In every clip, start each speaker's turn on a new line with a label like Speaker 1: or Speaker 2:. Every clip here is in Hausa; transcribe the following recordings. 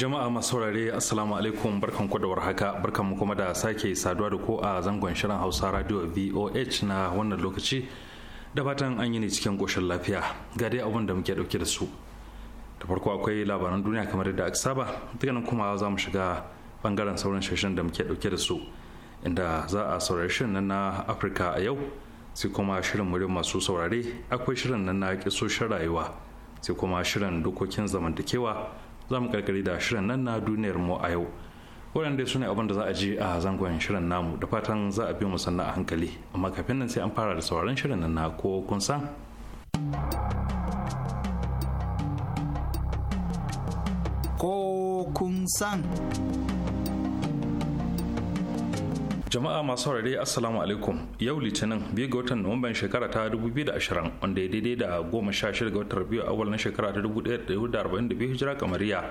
Speaker 1: jama'a masu saurare assalamu alaikum barkan ku haka warhaka barkan mu kuma da sake saduwa da ko a zangon shirin hausa radio voh na wannan lokaci da fatan an yi ne cikin goshin lafiya ga dai abin da muke dauke da su da farko akwai labaran duniya kamar yadda aka saba daga kuma za mu shiga bangaren sauran shirin da muke dauke da su inda za a saurari shirin nan na afirka a yau sai kuma shirin murin masu saurare akwai shirin nan na kisoshin rayuwa sai kuma shirin dokokin zamantakewa za mu karkari da shirin nan na duniyar mu a yau waɗanda su ne abin da za a ji a zangon shirin namu da fatan za a bi mu sannan a hankali amma kafin nan sai an fara da sauran shirin nan na ko kun san ko kun san jama'a masu saurare assalamu alaikum yau litinin biyu ga watan nuwamban shekara ta 2020 wanda ya daidai da goma sha shida ga watan rabiu awal na shekara ta 1442 hijira kamariya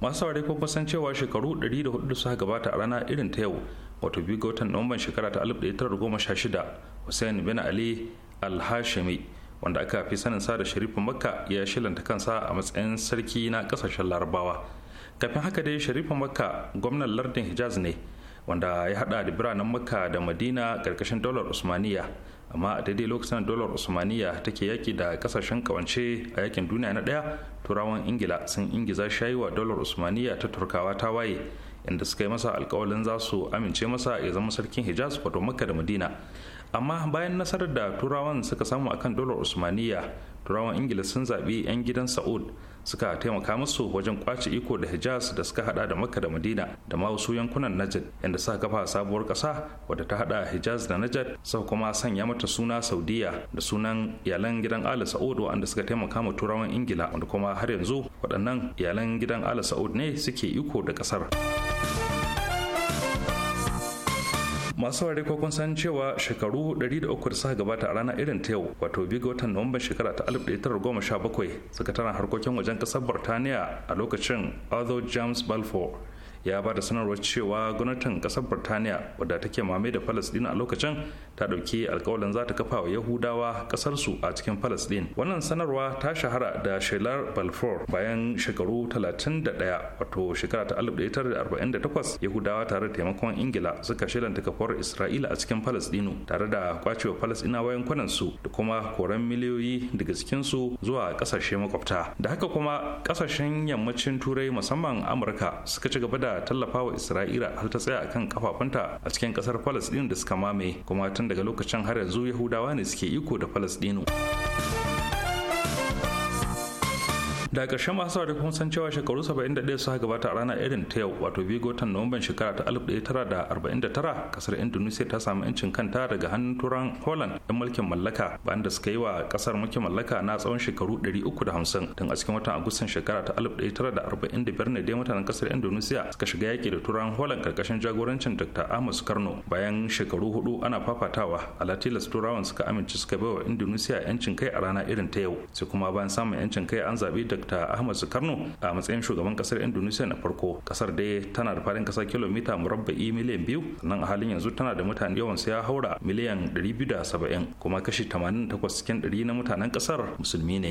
Speaker 1: masu saurare ko kusan cewa shekaru 104 da suka gabata a rana irin ta yau wato biyu ga watan nuwamban shekara ta 1916 hussein bin ali al-hashimi wanda aka fi sanin sa da sharifin makka ya shilanta kansa a matsayin sarki na kasashen larabawa kafin haka dai sharifin makka gwamnan lardin hijaz ne wanda ya hada da biranen makka da madina karkashin dolar usmaniya amma a daidai lokacin dolar usmaniya take yaki da kasashen kawance a yakin duniya na daya turawan ingila sun ingiza shayi wa dolar usmaniya ta turkawa ta waye inda suka yi masa alkawalin za su amince masa ya zama sarkin hijaz wato makka da madina amma bayan nasarar da turawan suka samu akan dolar usmaniya turawan ingila sun zaɓi 'yan gidan sa'ud suka taimaka musu wajen kwace iko da hijaz da suka hada da makka da madina da ma wasu yankunan najd inda suka kafa sabuwar kasa wadda ta hada hijaz da najd suka kuma sanya mata suna saudiya da sunan iyalan gidan ali sa'ud wanda suka taimaka ma turawan ingila wanda kuma har yanzu waɗannan iyalan gidan ali sa'ud ne suke iko da ƙasar. masu ware ko kun san cewa shekaru 300 suka gabata a rana irin ta yau wato biyu ga watan nuwamba shekara ta 1917 sakataren harkokin wajen kasar burtaniya a lokacin arthur james balfour ya ba da sanarwar cewa gwamnatin kasar birtaniya wadda take mame da palestine a lokacin ta dauki alkawalin za ta kafa wa yahudawa kasarsu a cikin palestine wannan sanarwa ta shahara da shelar balfour bayan shekaru 31 wato shekara ta 1948 yahudawa tare da taimakon ingila suka shelanta kafuwar isra'ila a cikin Falasɗinu, tare da kwacewa palestinawa wayan kwanansu da kuma koran miliyoyi daga cikinsu zuwa kasashe makwabta da haka kuma kasashen yammacin turai musamman amurka suka ci gaba da tallafa wa isra'ila har ta tsaya akan kafafunta a cikin kasar palestine da suka mamaye kuma tun daga lokacin har yanzu yahudawa ne suke iko da palestine da ƙarshen masu saurari kun san cewa shekaru 71 suka gabata a rana irin ta yau wato biyu ta nuwamban shekara ta 1949 kasar indonesia ta samu 'yancin kanta daga hannun turan holland 'yan mulkin mallaka bayan da suka yi wa kasar mulkin mallaka na tsawon shekaru 350 tun a cikin watan agustan shekara ta 1945 ne dai mutanen kasar indonesia suka shiga yaki da turan holland karkashin jagorancin dr amos karno bayan shekaru hudu ana fafatawa alatilas turawan suka amince suka bai wa indonesia 'yancin kai a rana irin ta yau sai kuma bayan samun 'yancin kai an zabi dr dr ahmad sukarno a matsayin shugaban kasar indonesia na farko kasar dai tana da faɗin kasa kilomita murabba'i miliyan biyu sannan a halin yanzu tana da mutane yawan ya haura miliyan 270 kuma kashi 88 cikin 100 na mutanen kasar musulmi ne.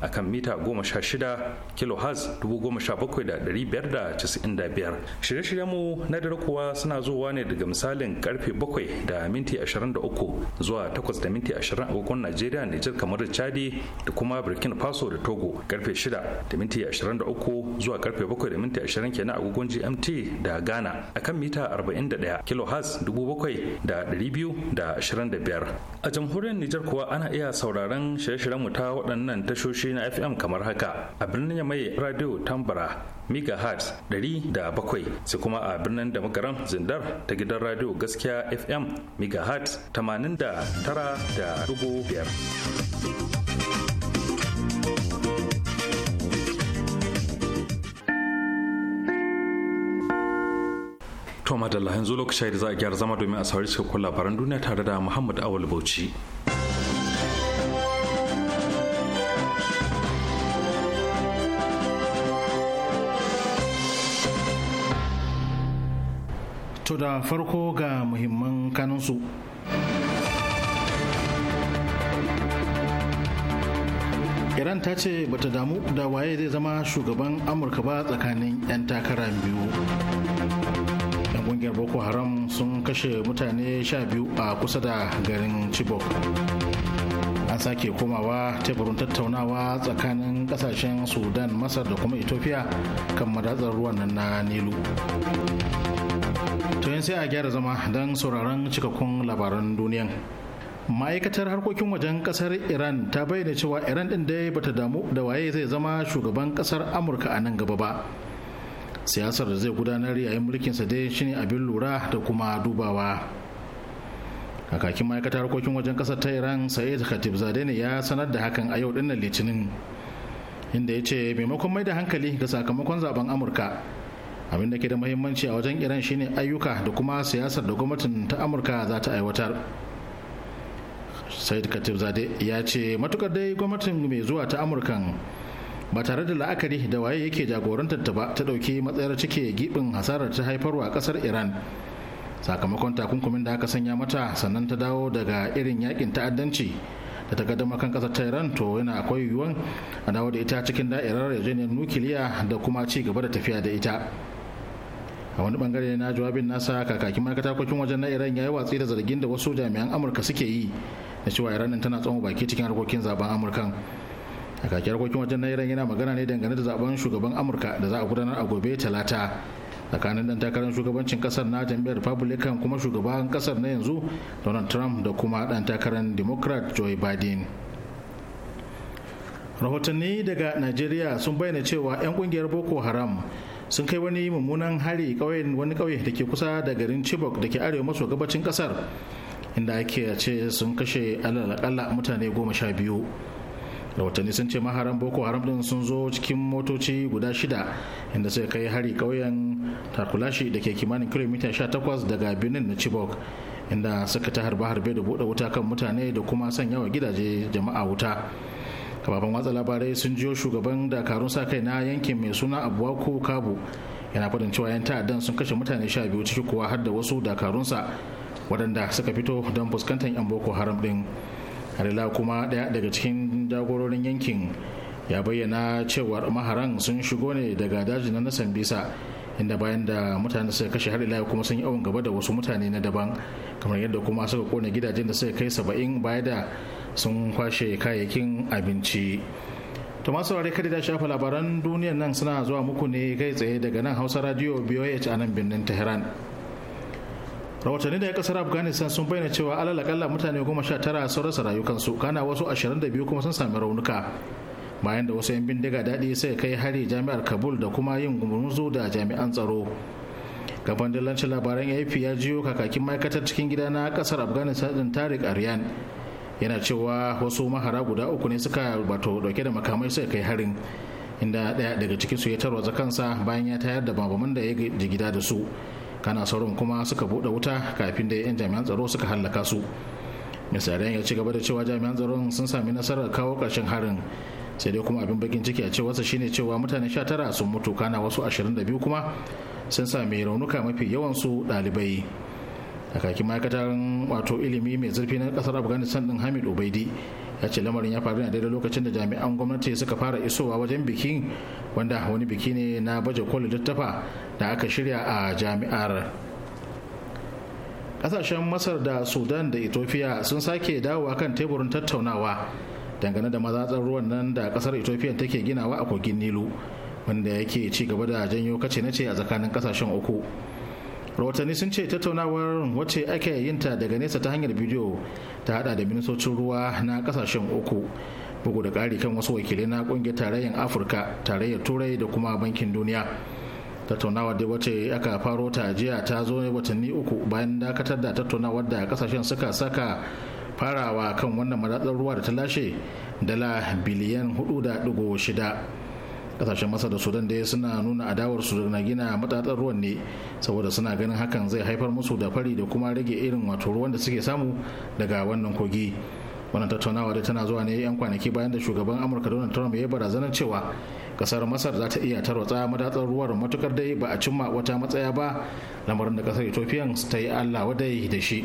Speaker 1: akan mita 16 kilohertz 17595. Shirye-shiryen mu na dare kuwa suna zuwa ne daga misalin karfe 7 da minti 23 zuwa 8 da minti 20 a agogon Najeriya, Nijar, kamar da Chadi da kuma Burkina Faso da Togo karfe 6 da minti 23 zuwa karfe 7 da minti 20 kenan agogon GMT da Ghana akan mita 41 kilohertz 7225. A jamhuriyar Nijar kuwa ana iya sauraron shirye-shiryen mu ta waɗannan tashoshi tashoshi na FM kamar haka a birnin mai radio Tambara megahertz 107 sai kuma a birnin da magaran zindar ta gidan radio gaskiya FM megahertz 89.5 To madalla yanzu lokacin da za a gyara zama domin a saurari cikakkun labaran duniya tare da Muhammad Awal Bauchi.
Speaker 2: To da farko ga muhimman kanunsu. Iran ta ce bata damu da waye zai zama shugaban Amurka ba tsakanin 'yan takara biyu. Yan kungiyar Boko Haram sun kashe mutane sha biyu a kusa da garin Chibok. An sake komawa teburin tattaunawa tsakanin kasashen Sudan, Masar da kuma Ethiopia kan madatsar ruwan nan na Nilu. to sai a gyara zama don sauraron cikakkun labaran duniyan ma'aikatar harkokin wajen kasar iran ta bayyana cewa iran din dai bata damu da waye zai zama shugaban kasar amurka a nan gaba ba siyasar da zai gudanar yayin mulkinsa dai shine abin lura da kuma dubawa kakakin ma'aikatar harkokin wajen kasar ta iran sa'id khatib zade ne ya sanar da hakan a yau dinnan litinin inda ya ce maimakon mai da hankali ga sakamakon zaben amurka abin da ke da muhimmanci a wajen iran shine ayyuka da kuma siyasar da gwamnatin ta amurka za ta aiwatar said katib zade ya ce matukar dai gwamnatin mai zuwa ta amurka ba tare da la'akari da waye yake jagorantar ta ba ta dauki matsayar cike gibin hasarar ta haifarwa a kasar iran sakamakon takunkumin da aka sanya mata sannan ta dawo daga irin yakin ta'addanci da ta kaddama kan kasar ta to yana akwai yiwuwan a dawo da ita cikin da'irar yarjejeniyar nukiliya da kuma ci gaba da tafiya da ita a wani bangare na jawabin nasa kakakin ma'aikata kokin wajen na iran ya yi watsi da zargin da wasu jami'an amurka suke yi da cewa iran tana tsawon baki cikin harkokin zaben amurkan kakakin harkokin wajen na iran yana magana ne dangane da zaben shugaban amurka da za a gudanar a gobe talata tsakanin dan takarar shugabancin kasar na jam'iyyar republican kuma shugaban kasar na yanzu donald trump da kuma dan takarar democrat joe biden rahotanni daga nigeria sun bayyana cewa 'yan kungiyar boko haram sun kai wani mummunan hari ƙauyen wani kauye da ke kusa da garin chibok da ke arewa maso gabacin kasar inda ake ce sun kashe alalakalla mutane goma sha biyu da watanni sun ce maharan boko haram din sun zo cikin motoci guda shida inda suka kai hari kauyen takulashi da ke kimanin kilomita sha 18 daga birnin na chibok inda suka ta harbe-harbe da buɗe wuta kan mutane da kuma sanyawa gidaje jama'a wuta kafafen watsa labarai sun jiyo shugaban dakarun sa kai na yankin mai suna abuwako kabu yana faɗin cewa yan ta'addan sun kashe mutane sha biyu ciki kuwa har da wasu dakarun sa waɗanda suka fito don fuskantar yan boko haram ɗin harila kuma ɗaya daga cikin jagororin yankin ya bayyana cewa maharan sun shigo ne daga dajin na sambisa inda bayan da mutane suka kashe har ila kuma sun yi awon gaba da wasu mutane na daban kamar yadda kuma suka kone gidajen da suka kai saba'in baya da sun kwashe kayayyakin abinci to masu rarrai kada shafa labaran duniyan nan suna zuwa muku ne kai tsaye daga nan hausa radio boh a nan birnin tehran rahotanni daga kasar afghanistan sun bayyana cewa alalakalla mutane goma sha tara sun rasa rayukansu kana wasu ashirin da biyu kuma sun sami raunuka bayan da wasu 'yan bindiga daɗi sai kai hari jami'ar kabul da kuma yin gumurzu da jami'an tsaro gaban dillancin labaran ap ya jiyo kakakin ma'aikatar cikin gida na kasar afghanistan din tarik aryan yana cewa wasu mahara guda uku ne suka wato dauke da makamai suka kai harin inda daya daga su ya tarwatsa kansa bayan ya tayar da babaman da ya ji gida da su kana sauran kuma suka bude wuta kafin da 'yan jami'an tsaro suka hallaka su misalan ya ci gaba da cewa jami'an tsaron sun sami nasarar kawo karshen harin sai dai kuma abin bakin ciki a cewarsa shine cewa mutane sha tara sun mutu kana wasu ashirin 22 kuma sun sami raunuka mafi yawansu ɗalibai kakin ma'aikatan wato ilimi mai zurfi na kasar afghanistan din hamid ubaidi ya ce lamarin ya faru ne daidai lokacin da jami'an gwamnati suka fara isowa wajen bikin wanda wani biki ne na baje koli littafa da aka shirya a jami'ar kasashen masar da sudan da ethiopia sun sake dawowa kan teburin tattaunawa dangane da mazatsar ruwan nan da kasar ethiopia take ginawa a kogin nilu wanda yake ci gaba da janyo kace na ce a tsakanin kasashen uku rahotanni sun ce tattaunawar wacce ake yin ta daga nesa ta hanyar bidiyo ta hada da ministocin ruwa na kasashen uku bugu da kari kan wasu wakilai na kungiyar tarayyar afirka tarayyar turai da kuma bankin duniya tattaunawar da wacce aka faro ta jiya ta zo ne watanni uku bayan dakatar da tattaunawar da kasashen suka saka farawa kan wannan maratsar ruwa da ta lashe dala biliyan 4.6 kasashen masa da sudan dai suna nuna adawar su na gina matatsar ruwan ne saboda suna ganin hakan zai haifar musu da fari da kuma rage irin wato ruwan da suke samu daga wannan kogi wannan tattaunawa da tana zuwa ne yan kwanaki bayan da shugaban amurka donald trump ya barazanar cewa kasar masar za ta iya tarwatsa madatsar ruwan matukar dai ba a cimma wata matsaya ba lamarin da kasar ethiopia ta yi allah wadai da shi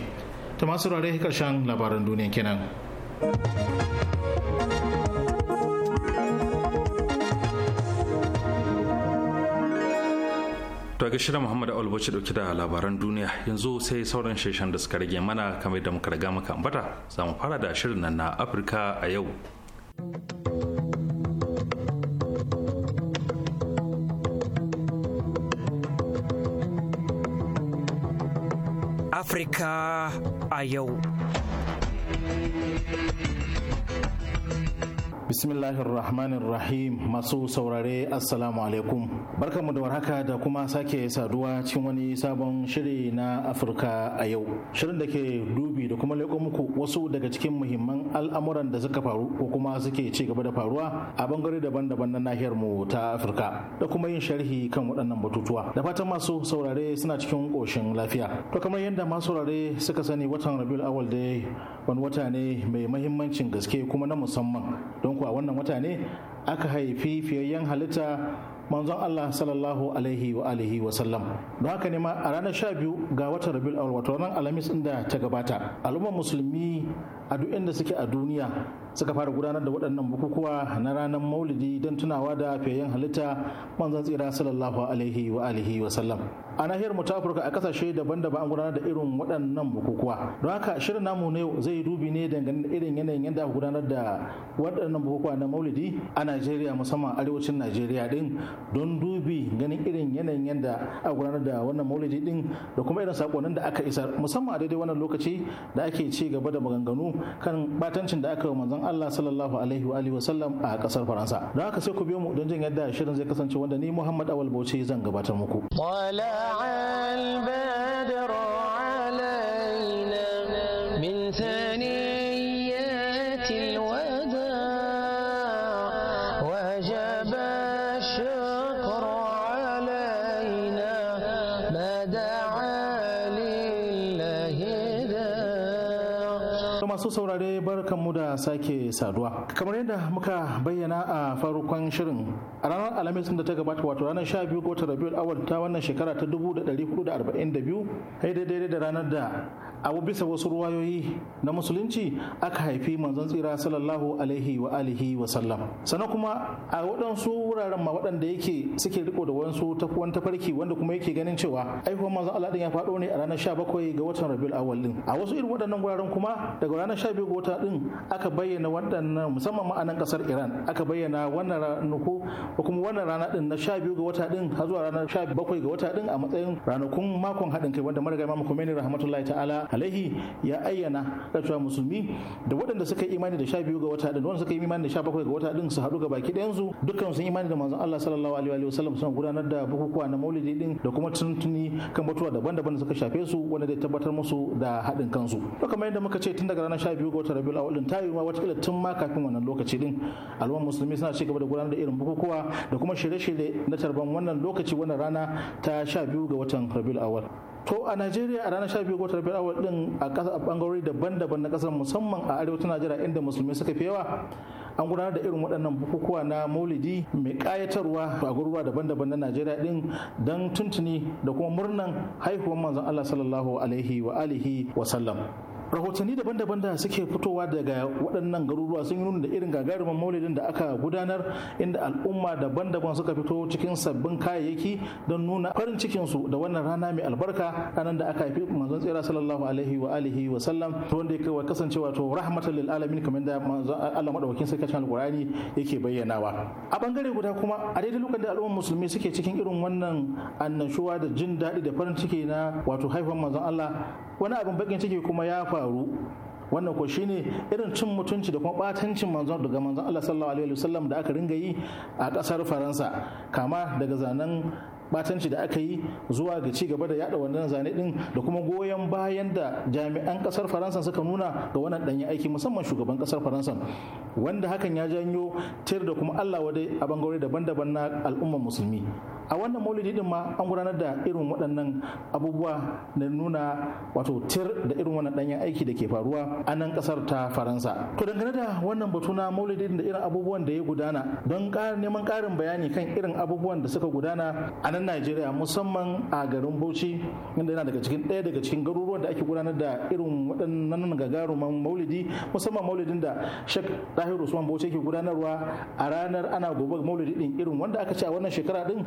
Speaker 2: ta masu rarrahi karshen labaran duniya kenan.
Speaker 1: To ga shirin Muhammad Albaci dauke da labaran duniya yanzu sai sauran sheshen da suka rage mana kamar da muka riga muka ambata za mu fara da shirin nan na Afirka a yau. Afirka
Speaker 3: a yau.
Speaker 2: Bismillahirrahmanirrahim masu saurare assalamu alaikum barkanmu da warhaka da kuma sake saduwa cikin wani sabon shiri na Afirka a yau shirin da ke dubi da kuma leƙo muku wasu daga cikin muhimman al'amuran da suka faru ko kuma suke ci gaba da faruwa a bangare daban-daban na nahiyar mu ta Afirka da kuma yin sharhi kan waɗannan batutuwa da fatan masu saurare suna cikin ƙoshin lafiya to kamar yadda masu saurare suka sani watan Rabiul ya dai wani wata ne mai muhimmancin gaske kuma na musamman don ku a wannan wata ne aka haifi fiyayyen halitta manzon Allah sallallahu alaihi wa alihi wa sallam don haka ne ma a ranar sha ga watan Rabiul Awwal wato ranar Alhamis inda ta gabata al'ummar musulmi a duk inda suke a duniya suka fara gudanar da waɗannan bukukuwa na ranar maulidi don tunawa da fiyayyen halitta manzon tsira sallallahu alaihi wa alihi wa sallam a nahiyar mu ta a kasashe daban-daban an gudanar da irin waɗannan bukukuwa don haka shirin namu ne zai dubi ne dangane da irin yanayin yadda aka gudanar da waɗannan bukukuwa na maulidi a najeriya musamman arewacin najeriya din don dubi ganin irin yanayin yadda aka gudanar da wannan maulidi din da kuma irin sakonnin da aka isar musamman a daidai wannan lokaci da ake ci gaba da maganganu kan batancin da aka yi manzon Allah sallallahu alaihi wa alihi wasallam a kasar Faransa. Da haka sai ku biyo mu don jin yadda shirin zai kasance wanda ni Muhammad Awal Bauchi zan gabatar muku.
Speaker 4: Wala
Speaker 3: al badr
Speaker 2: saurare mu da sake saduwa. Kamar yadda muka bayyana a farkon shirin a ranar Alhamis da ta gabata wato ranar 12 ga watan Rabiul Awwal ta wannan shekara ta 1442 sai daidai da ranar da abu bisa wasu ruwayoyi na musulunci aka haifi manzon tsira sallallahu alaihi wa alihi wa sallam sannan kuma a waɗansu wuraren ma waɗanda yake suke riko da wasu takuwan tafarki wanda kuma yake ganin cewa aihuwar manzon Allah din ya faɗo ne a ranar 17 ga watan Rabiul Awwal din a wasu irin waɗannan wuraren kuma daga ranar 12 ga wata din aka bayyana waɗannan musamman ma a nan ƙasar Iran aka bayyana wannan ranaku ko kuma wannan rana din na 12 ga wata din har zuwa ranar 17 ga wata din a matsayin ranakun makon haɗin kai wanda marigayi Imam Khomeini rahmatullahi ta'ala alaihi ya ayyana da cewa musulmi da waɗanda suka yi imani da sha biyu ga wata da wanda suka yi imani da sha bakwai ga wata din su haɗu ga baki ɗayan su dukkan sun imani da manzon Allah sallallahu alaihi wa sallam sun gudanar da bukukuwa na maulidi din da kuma tuntuni kan batuwa daban-daban da suka shafe su wanda zai tabbatar musu da haɗin kansu to kamar yadda muka ce tun daga ranar sha biyu ga wata rabiul awwal din tayi ma wata tun ma kafin wannan lokaci din alwan musulmi suna ci gaba da gudanar da irin bukukuwa da kuma shirye-shirye na tarban wannan lokaci wannan rana ta sha biyu ga watan rabiul awwal to a najeriya a ranar 12 ga watan awal din a ƙasa a bangarori daban-daban na kasar musamman a arewacin najeriya inda musulmi suka fi yawa an gudanar da irin waɗannan bukukuwa na maulidi mai ƙayatarwa a garuruwa daban-daban na najeriya din don tuntuni da kuma murnan haihuwar manzon allah sallallahu alaihi wa alihi wa sallam rahotanni daban-daban da suke fitowa daga waɗannan garuruwa sun yi nuna da irin gagarumin maulidin da aka gudanar inda al'umma daban-daban suka fito cikin sabbin kayayyaki don nuna farin cikinsu da wannan rana mai albarka ranar da aka haifi manzon tsira sallallahu alaihi wa alihi wa sallam wanda ya kasance kasancewa to rahmatan lil alamin kamar da manzon Allah madaukakin sai alqur'ani yake bayyanawa a bangare guda kuma a daidai lokacin da al'ummar musulmi suke cikin irin wannan annashuwa da jin daɗi da farin ciki na wato haifan manzon Allah wani abin bakin ciki kuma ya faru wannan ko ne irin cin mutunci da kuma batancin manzon daga manzon Allah sallallahu alaihi wasallam da aka ringa yi a kasar Faransa kama daga zanen batanci da aka yi zuwa ga ci gaba da yada wannan zane din da kuma goyon bayan da jami'an kasar faransa suka nuna ga wannan danyen aiki musamman shugaban kasar faransa wanda hakan ya janyo tir da kuma allah wadai a bangare daban-daban na al'ummar musulmi a wannan maulidi din ma an gudanar da irin waɗannan abubuwa na nuna wato tir da irin wannan danyen aiki da ke faruwa a nan kasar ta faransa to dangane da wannan batu na maulidi da irin abubuwan da ya gudana don neman ƙarin bayani kan irin abubuwan da suka gudana a nan najeriya musamman a garin bauchi inda yana daga cikin ɗaya daga cikin garuruwan da ake gudanar da irin waɗannan gagaruman maulidi musamman maulidin da sheikh dahir usman bauchi ke gudanarwa a ranar ana gobe maulidi din irin wanda aka ce a wannan shekara din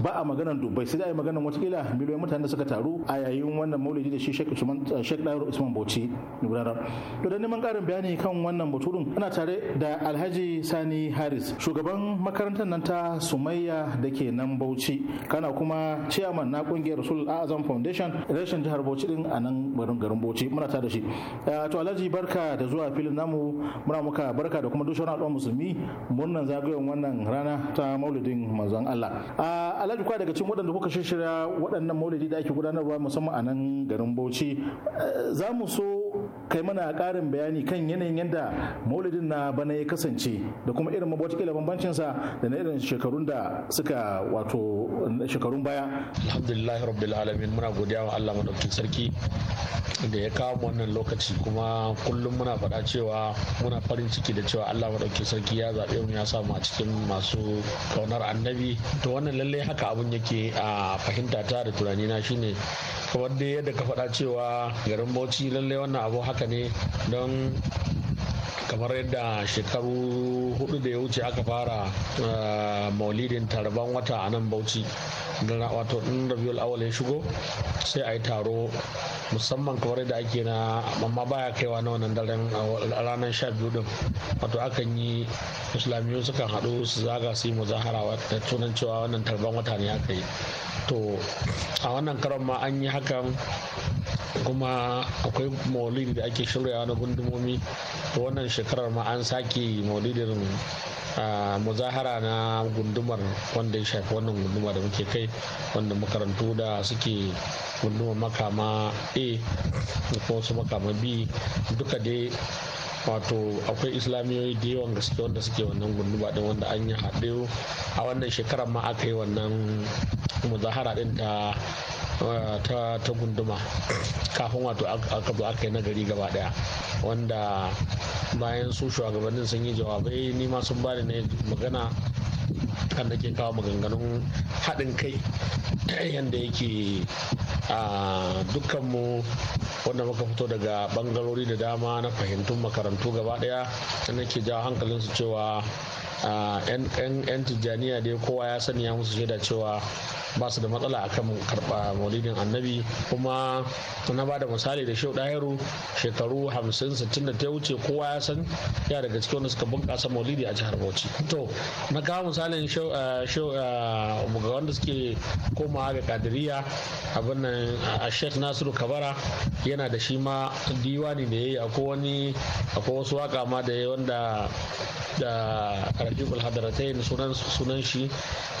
Speaker 2: ba a maganar dubai sai dai maganar watakila miliyoyin mutane da suka taru a yayin wannan maulidi da shi Sheikh dahir eh, usman bauchi gudanar to da neman ƙarin bayani kan wannan baturin ana tare da alhaji sani haris shugaban makarantar nan ta sumayya da ke nan bauchi kana kuma chairman na kungiyar Rasul Azam Foundation reshen jihar Bauchi din a nan garin Bauchi muna ta da shi eh, to Alhaji barka da zuwa filin namu muna muka barka da kuma dushen al'umma musulmi murnan zagayen wannan rana ta Maulidin manzon Allah ah, Alhaji kwa daga cikin waɗanda kuka shirya waɗannan Maulidi da ake gudanarwa musamman a nan garin Bauchi eh, za so kai mana karin bayani kan yanayin yadda maulidin na bana ya kasance da kuma irin bambancin bambancinsa
Speaker 5: da na irin shekarun da suka wato shekarun baya alhamdulillahi rabbil alamin muna godiya wa allah madaukakin sarki da ya kawo wannan lokaci kuma kullum muna faɗa cewa muna farin ciki da cewa allah madaukakin sarki ya zaɓe mu ya mu a cikin masu kaunar annabi to wannan lallai haka abun yake a fahimta ta da na shine kamar dai yadda ka faɗa cewa garin bauchi lallai wannan abu haka haka ne don kamar yadda shekaru hudu da ya wuce aka fara eh, maulidin tarban wata a nan bauchi wato in rabiul awal ya shigo sai a yi taro musamman kamar yadda ake na amma baya kaiwa na wannan daren a ranar sha biyu din wato akan yi islamiyu sukan haɗu su zaga su yi muzahara da tunan cewa wannan tarban wata ne aka yi to a wannan karon ma an yi hakan kuma akwai maulidi da ake shiryawa na gundumomi to wannan shekarar ma an sake maulidin muzahara na gundumar wanda ya shafi wannan gunduma da muke kai wanda makarantu da suke gundumar makama a da kuma su makama b duka dai wato akwai islamiyoyi da yawan gaske wanda suke wannan gunduma din wanda an yi haɗe a wannan shekarar ma aka yi wannan muzahara din ta ta, gunduma kafin wato aka zo aka yi nagari gaba daya wanda bayan su shugabannin sun yi jawabai ni sun bani ne magana kan da ke kawo maganganun haɗin kai yadda yake a dukkanmu wanda muka fito daga bangarori da dama na fahimtun makarantu gaba ɗaya sannan ke jawo hankalinsu cewa 'yan tijjaniya dai kowa ya sani ya musu shaida cewa ba su da matsala akan karɓa maulidin annabi kuma na ba da misali da shau ɗahiru shekaru 50-60 ta wuce kowa ya san ya daga cikin wanda suka bunƙasa maulidi a jihar bauchi to na kawo misalin shau uh, uh, ga wanda suke komawa ga kadiriya abin a sheikh nasiru kabara yana da shi ma diwani da ya yi akwai wani akwai wasu waka ma da ya wanda da rafiqul hadaratain sunan sunan shi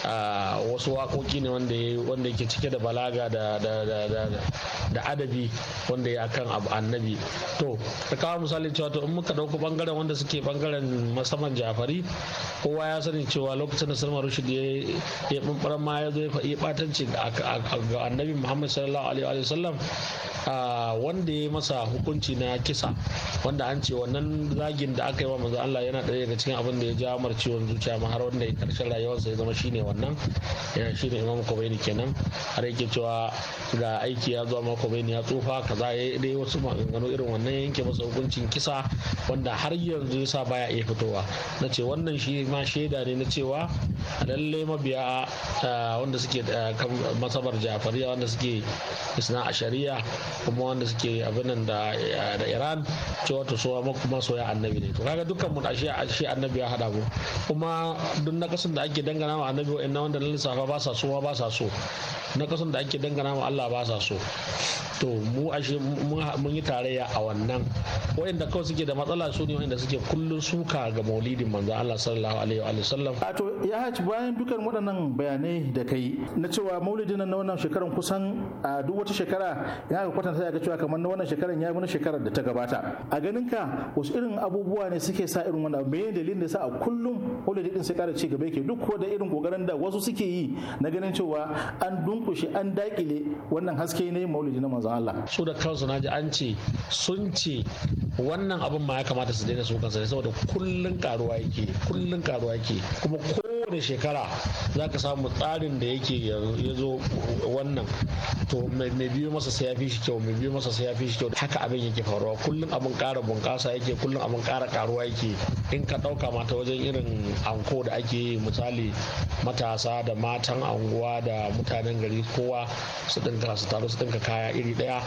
Speaker 5: uh, wasu wakoki ne wanda wanda yake cike da balaga da da adabi wanda ya kan abu annabi to da kawo misalin cewa to in muka dauko bangaren wanda suke bangaren musamman jafari kowa ya sani cewa lokacin da salman rushd ya bambara ma ya zo ya batanci ga annabi muhammad sallallahu alaihi sallam wanda ya masa hukunci na kisa wanda an ce wannan zagin da aka yi wa manzo Allah yana ɗaya daga cikin abin da ya ja mar ciwon zuciya ma har wanda karshen rayuwarsa ya zama shine wannan yana shine imam Khomeini kenan har yake cewa ga aiki ya zuwa ma Khomeini ya tsufa kaza ya dai wasu maganganu irin wannan yanke masa hukuncin kisa wanda har yanzu yasa baya iya fitowa na ce wannan shi ma shaida ne na cewa cewa lalle mabiya ah, wanda suke ah, kan masabar jafariya wanda suke isna a shari'a kuma wanda suke abinan ah, da iran cewa to so soya annabi ne to kaga dukkan mu ashe ashe annabi ya hada mu kuma duk kasan da ake dangana wa annabi wa'annan wanda lalle safa ba sa so ba sa so kasan da ake dangana wa Allah ba sa so to mu ashe mun yi tarayya a wannan wa'anda kawai suke da matsala su ne wa'anda suke kullun suka ga maulidin manzo Allah sallallahu alaihi wa sallam
Speaker 2: ya haci bayan dukan waɗannan bayanai da kai na cewa maulidin na wannan shekaran kusan a duk wata shekara ya ga kwatanta ya ga cewa kamar na wannan shekaran ya yi wani shekarar da ta gabata a ganin ka wasu irin abubuwa ne suke sa irin wannan me dalilin da sa a kullum maulidin din sai kara ci gaba yake duk da irin kokarin da wasu suke yi na ganin cewa an dunkushe an
Speaker 5: dakile wannan haske ne maulidi na manzon Allah su da kansu ji an ce sun ce wannan abin ma ya kamata su daina su kansu saboda kullun karuwa yake kullun karuwa yake kuma Gracias. kowane shekara za ka samu tsarin da yake ya zo wannan to mai biyu masa sai ya fi shi kyau mai biyu masa sai ya fi shi kyau haka abin yake faruwa kullum abin ƙara bunƙasa yake kullum abin kara karuwa yake in ka ɗauka mata wajen irin anko da ake yi misali matasa da matan anguwa da mutanen gari kowa su ɗinka su taru su ɗinka kaya iri ɗaya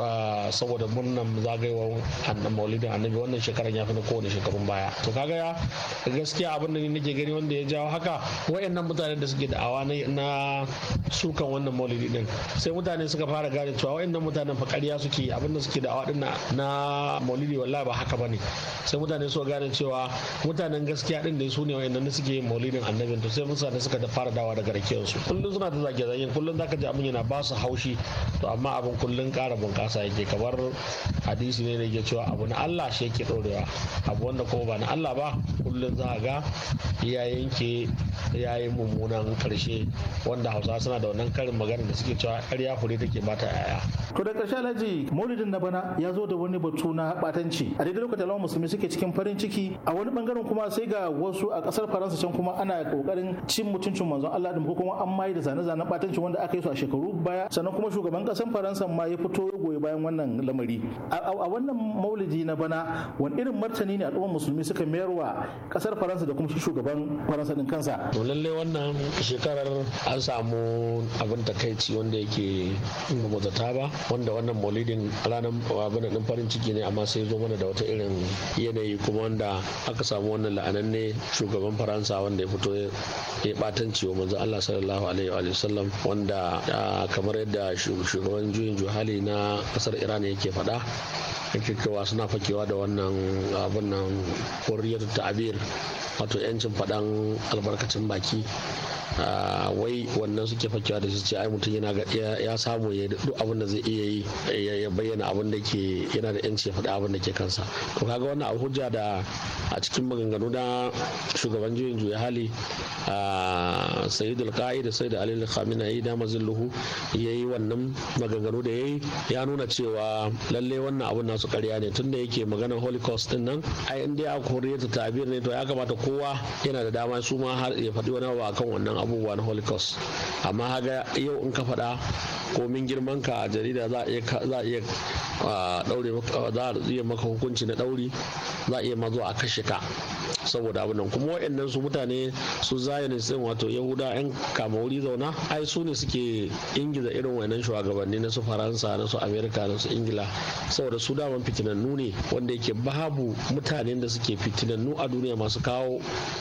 Speaker 5: ah, saboda murnan zagayewar maulidin annabi wannan shekaran ya fi na kowane shekarun baya to kaga gaskiya abin da nake gani wanda ya jawo haka wayannan mutanen da suke da'awa na sukan wannan maulidi din sai mutane suka fara gane cewa wayannan mutanen fakariya suke abin da suke da'awa din na maulidi wallahi ba haka bane sai mutane suka gane cewa mutanen gaskiya din da su ne wayannan da suke maulidin annabin to sai mutane suka da fara dawa daga rakiyar su kullum suna ta zage zagen kullum zaka ji abin yana ba su haushi to amma abin kullum kara bunƙasa yake kamar hadisi ne da yake cewa abu na Allah shi yake dorewa abu wanda ko ba na Allah ba kullum za ga iyayen yanke ya yi mummunan karshe wanda hausa suna da wannan karin magana da suke cewa karya fure take bata yaya
Speaker 2: to da ƙarshe alhaji maulidin na bana ya zo da wani batu na batanci a daidai lokacin lawan musulmi suke cikin farin ciki a wani bangaren kuma sai ga wasu a ƙasar faransa can kuma ana ƙoƙarin cin mutuncin manzon allah ɗin ko kuma an mai da zane-zane batanci wanda aka yi su a shekaru baya sannan kuma shugaban ƙasar faransa ma ya fito goyi bayan wannan lamari a wannan maulidi na bana wani irin martani ne al'ummar musulmi suka mayarwa ƙasar faransa da kuma shugaban faransa din kansa
Speaker 5: to lalle wannan shekarar an samu abin takaici wanda yake mabazata ba wanda wannan maulidin ranar abin din farin ciki ne amma sai zo mana da wata irin yanayi kuma wanda aka samu wannan la'ananne shugaban faransa wanda ya fito ya batanci wa manzo Allah sallallahu alaihi wa sallam wanda kamar yadda shugaban juyin juhali na kasar Iran yake faɗa yake suna fakewa da wannan abin nan koriyar ta'abir wato yancin faɗan albarkacin baki ah, wai wannan suke fakewa da su ce ai mutum yana ya samu ya duk abin da zai iya yi ya bayyana abin da ke yana da yanci ya faɗi abin da ke kansa to kaga wannan abu hujja da a cikin maganganu na shugaban juyin juya hali ah, sayyidul qa'i da sayyid ali al-khamenei da mazilluhu yayi wannan maganganu da yayi ya nuna cewa lalle wannan abun nasu ƙarya ne tunda yake maganar holocaust din nan ai in dai a koriya ta tabir ne to ya kamata kowa yana da dama su ma har ya faɗi wani a kan wannan abubuwa na holocaust amma haga yau in ka faɗa komin girman ka a jarida za a iya ah, maka hukunci na ɗauri za a iya mazo a kashe ka saboda abin nan kuma waɗannan su mutane su zionist din wato yahuda yan kama wuri zauna ai su ne suke ingiza irin wayannan shugabanni na su faransa na su amerika na su ingila saboda su daman fitinannu ne wanda yake babu mutanen da suke fitinannu a duniya masu kawo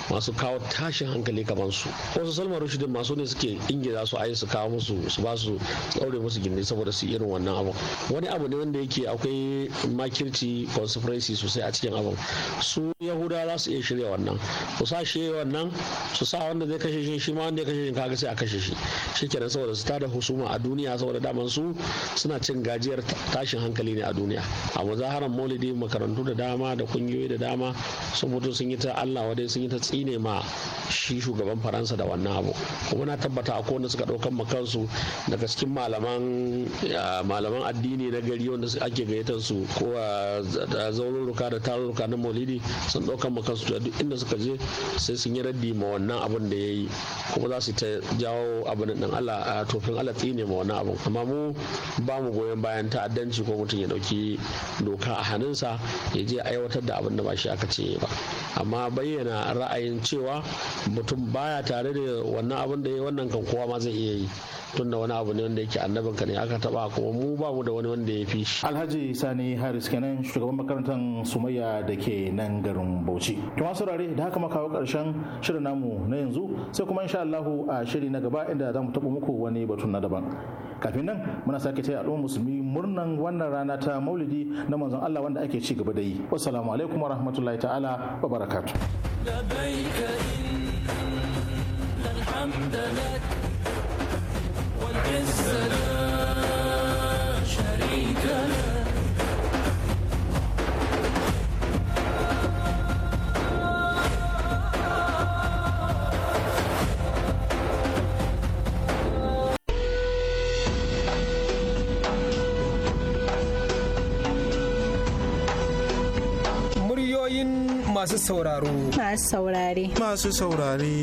Speaker 5: masu kawo tashin hankali kaman su wasu salman rushdin masu ne suke ingiza su ai su kawo musu su ba su tsaure musu gindi saboda su irin wannan abu wani abu ne wanda yake akwai makirci conspiracy sosai a cikin abin su yahuda za su iya shirya wannan su sa shi wannan su sa wanda zai kashe shi shi ma wanda ya kashe shi kaga sai a kashe shi kenan saboda su tada husuma a duniya saboda daman su suna cin gajiyar tashin hankali ne a duniya a mazaharan maulidi makarantu da dama da kungiyoyi da dama sun mutu sun yi ta Allah wadai sun yi ta tsine ma shi shugaban Faransa da wannan abu kuma na tabbata a kowanne suka ɗaukan kansu daga cikin malaman addini na gari wanda ake gayyatar su ko a zaururuka da tarurruka na maulidi sun ɗaukan kansu fitowa duk inda suka je sai sun yi raddi ma wannan abin da ya yi kuma za su ta jawo abin ɗin Allah a tofin Allah tsine ma wannan abin amma mu ba mu goyon bayan ta'addanci ko mutum ya ɗauki doka a hannunsa ya je aiwatar da abin da ba shi aka ce ba amma bayyana ra'ayin cewa mutum baya tare da wannan abin da ya wannan kan kowa ma zai iya yi tunda wani abu ne wanda yake annabin ka ne aka taba kuma mu ba mu da wani wanda ya fi shi alhaji sani haris kenan
Speaker 2: shugaban makarantar sumayya da ke nan garin bauchi kuma saurari da haka makawa karshen shirin namu na yanzu sai kuma insha Allahu a shiri na gaba inda za mu taɓa muku wani batun na daban kafin nan muna sake taya al'ummar musulmi murnan wannan rana ta maulidi na manzon Allah wanda ake ci gaba da yi wassalamu alaikum wa rahmatullahi ta'ala wa barakatuh
Speaker 4: masu sauraro
Speaker 6: masu saurare masu
Speaker 7: saurare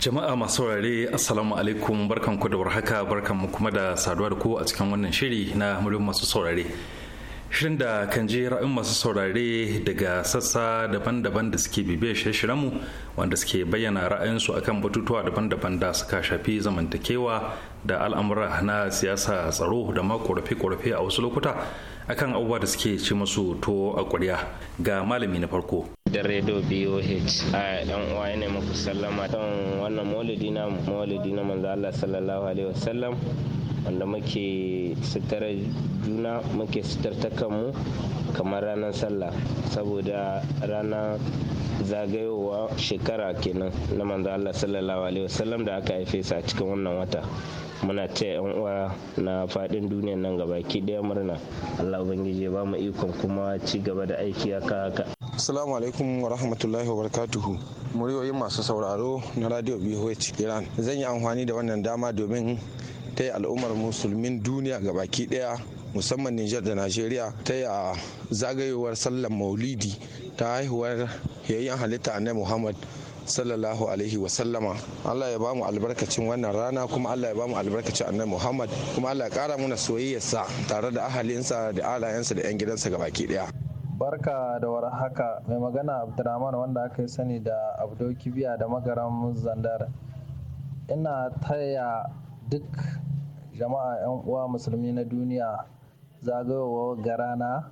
Speaker 1: jama'a masu saurare assalamu alaikum barkanku da warhaka barkanmu kuma da saduwa da ku a cikin wannan shiri na muryar masu saurare shirin da kan je ra'ayin masu saurare daga sassa daban-daban da suke bibiya shirye mu wanda suke bayyana ra'ayinsu akan batutuwa daban-daban da suka shafi zamantakewa da al'amura na siyasa tsaro da ma korafe-korafe a wasu lokuta akan abubuwa da suke ci masu to a ƙwarya ga malami na farko gidan rediyo BOH a yan uwa yana muku
Speaker 4: sallama kan wannan maulidi na maulidi na manzo Allah sallallahu alaihi wasallam wanda muke sitar juna muke ta kanmu kamar ranar sallah saboda ranar zagayowa shekara kenan na manzo Allah sallallahu alaihi wasallam da aka haife sa cikin wannan wata muna ce yan uwa na fadin duniyan nan gaba ki daya murna Allah ubangiji ya ba mu ikon kuma ci gaba da aiki haka haka Assalamu alaikum wa rahmatullahi wa barakatuhu. Muryoyin masu sauraro na Radio BOH Iran. Zan yi amfani da wannan dama domin ta yi al'ummar musulmin duniya ga baki daya musamman Nijar da Najeriya ta yi a zagayowar sallar maulidi ta haihuwar yayin halitta na Muhammad sallallahu alaihi wa sallama. Allah ya bamu albarkacin wannan rana kuma Allah ya bamu albarkacin annabi Muhammad kuma Allah ya kara mana soyayyarsa tare da ahalinsa da alayensa da yan gidansa gabaki daya
Speaker 1: Barka da war haka mai magana Abdurrahman wanda aka yi sani da Abdo Kibiya da magaran Zandar. Ina taya duk jama'a 'yan uwa musulmi na duniya zagayowar garana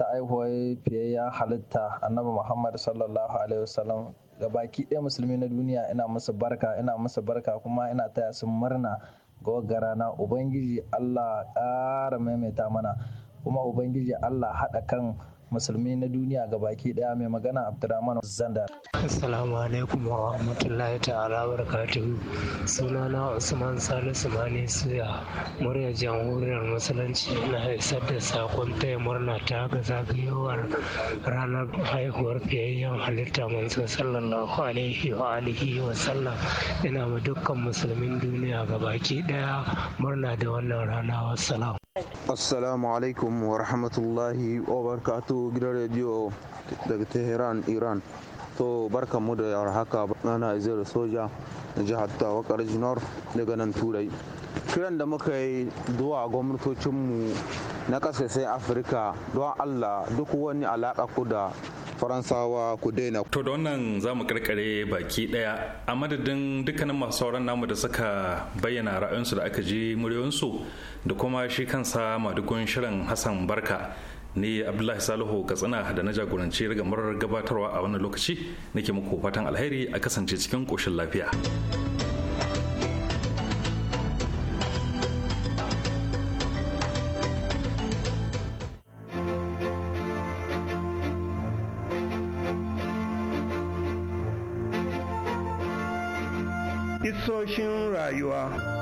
Speaker 1: ta aihuwar fiyayya halitta annabi Muhammad sallallahu alaihi wasallam ga baki ɗaya musulmi na duniya ina musu barka ina musu barka kuma ina taya su murna ga garana ubangiji Allah ƙara maimaita mana kuma ubangiji Allah haɗa kan musulmi na duniya ga baki daya mai magana abdurrahman zanda
Speaker 4: assalamu alaikum wa
Speaker 5: rahmatullahi ta'ala barakatuhu sunana usman salisu mani suya murya jamhuriyar musulunci na isar da sakon taya murna ta ga zagayowar
Speaker 4: ranar haihuwar fiyayyen halitta manzo sallallahu alaihi wa alihi wa sallam ina ma dukkan musulmin duniya ga baki daya murna da wannan rana wassalam assalamu alaikum wa rahmatullahi wa barkatu gidan rediyo daga tehran iran to mu da yawar haka ana izir soja na jihar tawakar jinor daga nan turai kiran da muka yi zuwa gwamnatocinmu na kasashen afirka don allah duk wani alaƙa ku da faransawa ku daina
Speaker 1: to da wannan za mu karkare baki daya a madadin dukkanin masu sauran namu da suka bayyana ra'ayinsu da aka ji muryoyinsu da kuma shi kansa madugun shirin hassan barka ni abdullahi salihu katsina da na jagoranci rigamar gabatarwa a wannan lokaci nake muku fatan alheri a kasance cikin koshin lafiya
Speaker 3: You are.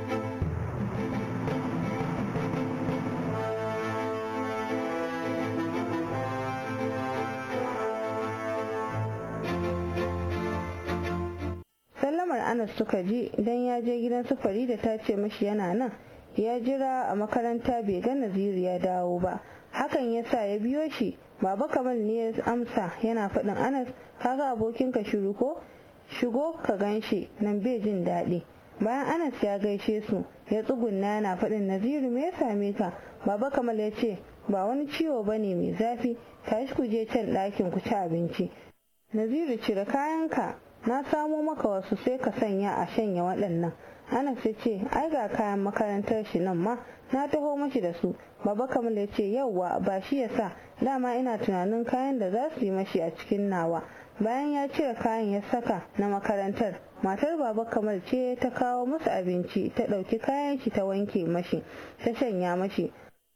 Speaker 6: sallamar anas suka ji don ya je gidan sufari da ta ce mashi yana nan ya jira a makaranta bai ga naziru ya dawo ba hakan ya sa ya biyo shi baba kamal ne ya amsa yana faɗin anas kaga abokinka shiru ko shigo ka gan shi nan bai jin daɗi bayan anas ya gaishe su ya tsuguna yana faɗin naziru me ya same ka baba kamal ya ce ba wani ciwo ba ne mai zafi tashi ku je can ɗakin ku ci abinci naziru cire kayanka na samo maka wasu sai ka sanya a shanya waɗannan ana sai ce ai ga kayan makarantar shi nan ma na taho mashi da su baba kamal ya ce yauwa ba shi ya sa dama ina tunanin kayan da za su yi mashi a cikin nawa bayan ya cire kayan ya saka na makarantar matar baba kamal ce ta kawo masa abinci ta ɗauki kayan shi ta wanke mashi ta shanya mashi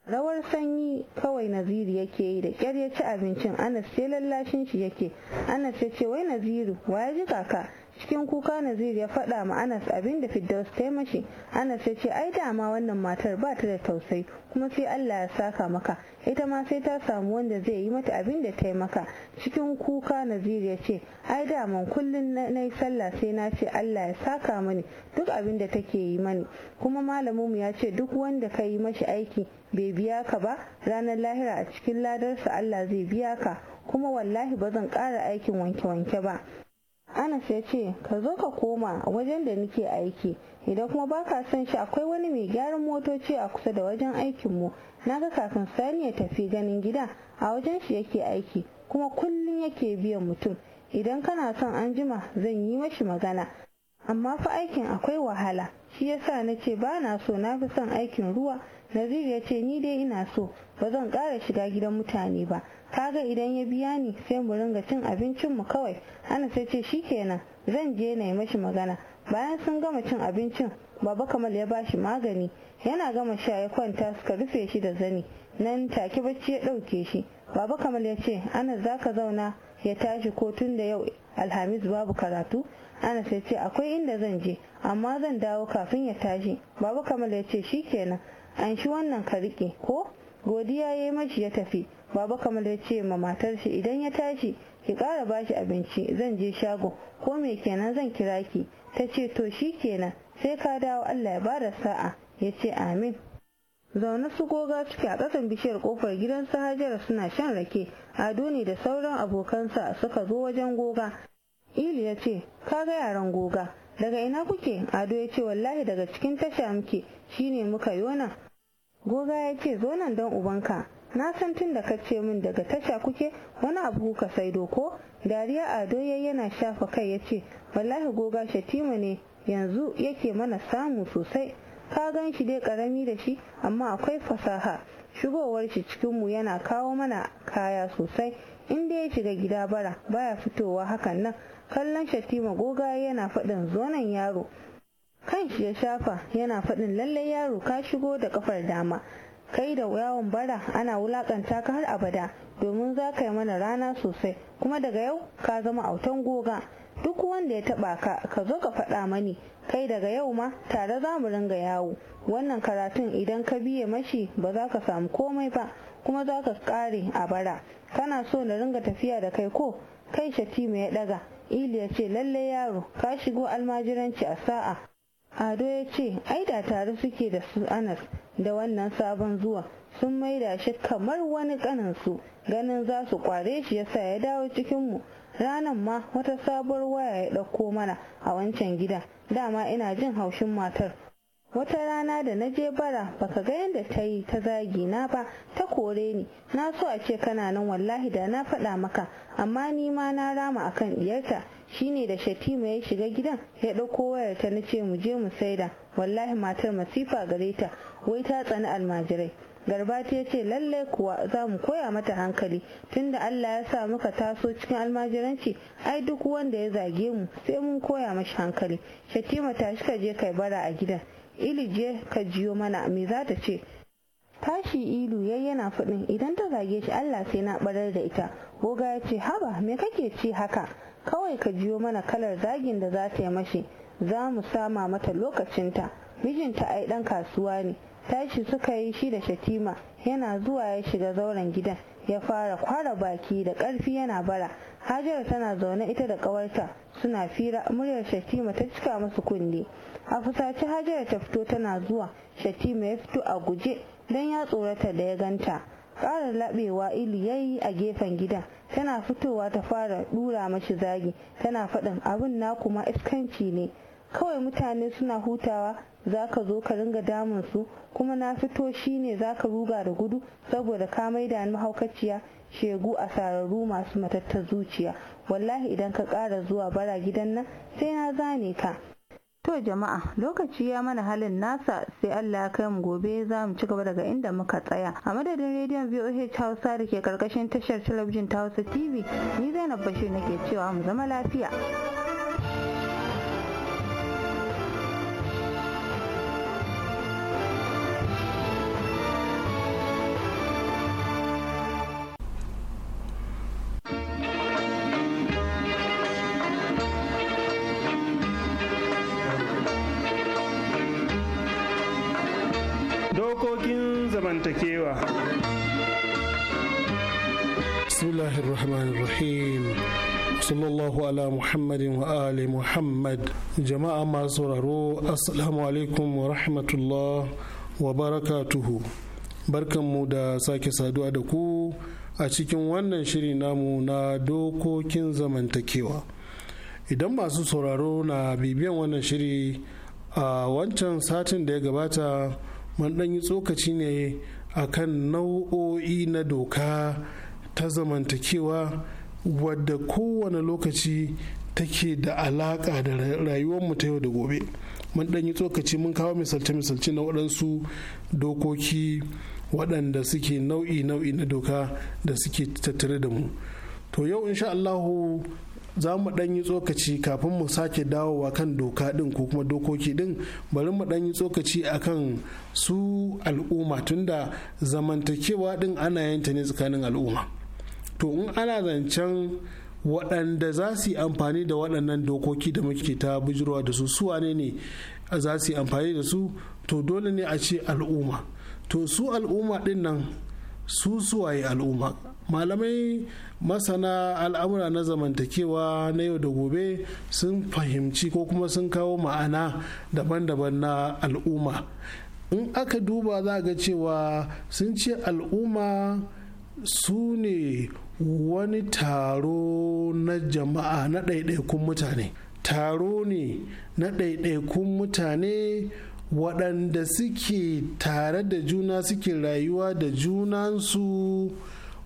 Speaker 6: rawar sanyi kawai naziru yake yi da ƙyar ya ci abincin anas sai lallashin shi yake anas ya ce wai naziru wa ya ji kaka cikin kuka nazir ya faɗa ma anas abin da fiddaus ta mashi anas ya ce ai dama wannan matar ba ta da tausayi kuma sai allah ya saka maka ita ma sai ta samu wanda zai yi mata abin da ta maka cikin kuka nazir ya ce ai dama kullum na yi sallah sai na ce allah ya saka mani duk abin da take yi mani kuma malamin ya ce duk wanda ka yi mashi aiki bai biya ka ba ranar lahira a cikin ladarsa allah zai biya ka kuma wallahi ba zan ƙara aikin wanke-wanke ba anas ya ce ka zo ka koma wajen da nake aiki idan kuma ba ka son shi akwai wani mai gyaran motoci a kusa da wajen aikinmu na ga kafin sani ya tafi ganin gida a wajen shi yake aiki kuma kullum yake biyan mutum idan kana son an jima zan yi mashi magana amma fa aikin akwai wahala shi yasa na ce ba na so na fi son aikin ruwa nazir ya ni dai ina so ba zan ƙara shiga gidan mutane ba kaga idan ya biya ni sai mu ringa cin abincin mu kawai ana sai ce kenan, zan je na yi mashi magana bayan sun gama cin abincin baba kamal ya bashi magani yana gama sha ya kwanta suka rufe shi da zani nan take bacci ya ɗauke shi baba kamal ya ce ana za ka zauna ya tashi ko tun da yau alhamis babu karatu ana sai ce akwai inda zan je amma zan dawo kafin ya tashi baba kamal ya ce kenan, an shi wannan ka riƙe ko godiya ya yi mashi ya tafi baba kamar ya ce ma matar shi idan ya tashi ki ƙara bashi abinci zan je shago ko me kenan zan kira ki ta ce to shi kenan sai ka dawo allah ya bada sa'a ya ce amin zaune su goga suke a ƙasan bishiyar kofar gidan su hajara suna shan rake ado ne da sauran abokansa suka zo wajen goga ili ya ce ka ga yaran goga daga ina kuke ado ya ce wallahi daga cikin tasha muke shine muka yona goga ya ce zo nan don ubanka na san tun da ka ce min daga tasha kuke wani abu kuka saido ko dariya ado ya yana shafa kai ya ce wallahi goga shatima ne yanzu yake mana samu sosai ka gan shi dai karami da shi amma akwai fasaha shigowar shi cikinmu yana kawo mana kaya sosai in dai ya shiga gida bara baya fitowa hakan nan kallon shatima goga yana faɗin zonan yaro kan shi ya shafa yana faɗin lallai yaro ka shigo da kafar dama kai da yawon bara ana wulakanta ka har abada domin za ka yi mana rana sosai kuma daga yau ka zama autan goga duk wanda ya taba ka ka zo ka faɗa mani kai daga yau ma tare za mu ringa yawo wannan karatun idan ka biye mashi ba za ka samu komai ba kuma za ka ƙare a bara kana so na ringa tafiya da kai ko kai shatima ya ɗaga ili ya ce lalle yaro ka shigo almajiranci a sa'a ado ya ce ai da tare suke da su anas da wannan sabon zuwa sun maida shi kamar wani kaninsu ganin za su kware shi yasa ya dawo cikinmu ranan ma wata sabuwar waya ya ɗauko mana a wancan gida dama ina jin haushin matar wata rana da na je bara ka ga yadda ta yi ta zagi na ba ta kore ni na so a ce kana nan wallahi da na faɗa maka amma ni ma na rama akan diyarta Shi ne da shatima ya shiga gidan ya ɗauko wayar ta na ce mu je mu saida wallahi matar masifa gare ta wai ta tsani almajirai garbati ya ce lallai kuwa za mu koya mata hankali tunda allah ya sa muka taso cikin almajiranci ai duk wanda ya zage mu sai mun koya mashi hankali shatima tashi ka je kai bara a gidan Ili je ka jiyo mana me za ta ce tashi ilu yayi yana faɗin idan ta zage shi Allah sai na barar da ita goga ya ce haba me kake ci haka kawai ka jiyo mana kalar zagin da za ta yi mashi za mu sama mata lokacinta mijinta ai dan kasuwa ne tashi suka yi shi da shatima yana zuwa ya shiga zauren gidan ya fara kwara baki da ƙarfi yana bara hajar tana zaune ita da ƙawarta suna fira muryar shatima ta cika musu kunne a fusace hajar ta fito tana zuwa shatima ya fito a guje don ya tsorata da ya ganta ƙara laɓewa ili yayi a gefen gida tana fitowa ta fara ɗura mashi zagi tana faɗin abin na kuma iskanci ne kawai mutane suna hutawa za ka zo ka ringa damun su kuma na fito shi ne za ka ruga da gudu saboda ka maida ni mahaukaciya shegu a sararru masu matattar zuciya wallahi idan ka ƙara zuwa bara gidan nan sai na zane ka To jama'a lokaci ya mana halin nasa sai Allah ya kai mu gobe za mu ci gaba daga inda muka tsaya. A madadin rediyon VOH Hausa da ke karkashin tashar talabijin ta Hausa TV ni Zainab Bashir nake cewa mu zama lafiya.
Speaker 7: sallallahu ala muhammadin wa ali muhammad jama'a masu sauraro assalamu alaikum wa rahmatullah wa barakatuhu barkanmu da sake saduwa da ku a cikin wannan shiri namu na dokokin zamantakewa idan masu sauraro na bibiyan wannan shiri a wancan satin da ya gabata man ɗan yi tsokaci ne akan nau'o'i na doka ta zamantakewa wadda kowane lokaci take da alaka da rayuwarmu ta yau da gobe mun ɗan yi tsokaci mun kawo misalce-misalce na waɗansu dokoki waɗanda suke nau'i-nau'i na doka da suke tattare da mu to yau insha Allahu za mu ɗan yi tsokaci kafin mu sake dawowa kan doka ɗin ko kuma dokoki ɗin bari mu ɗan yi tsokaci kan su al'umma tunda zamantakewa ɗin ana yanta ne tsakanin al'umma to in ana zancen waɗanda za su yi amfani da waɗannan dokoki da muke ta bujirwa da su su ne ne za su yi amfani da su to dole ne a ce al'umma to su al'umma ɗin nan su suwaye al'umma malamai masana al'amura na zamantakewa na yau da gobe sun fahimci ko kuma sun kawo ma'ana daban-daban na al'umma in aka duba za ga cewa sun ce al'umma su ne wani taro na jama'a na ɗaiɗaikun mutane taro ne na ɗaiɗaikun mutane waɗanda suke tare da juna suke rayuwa da junansu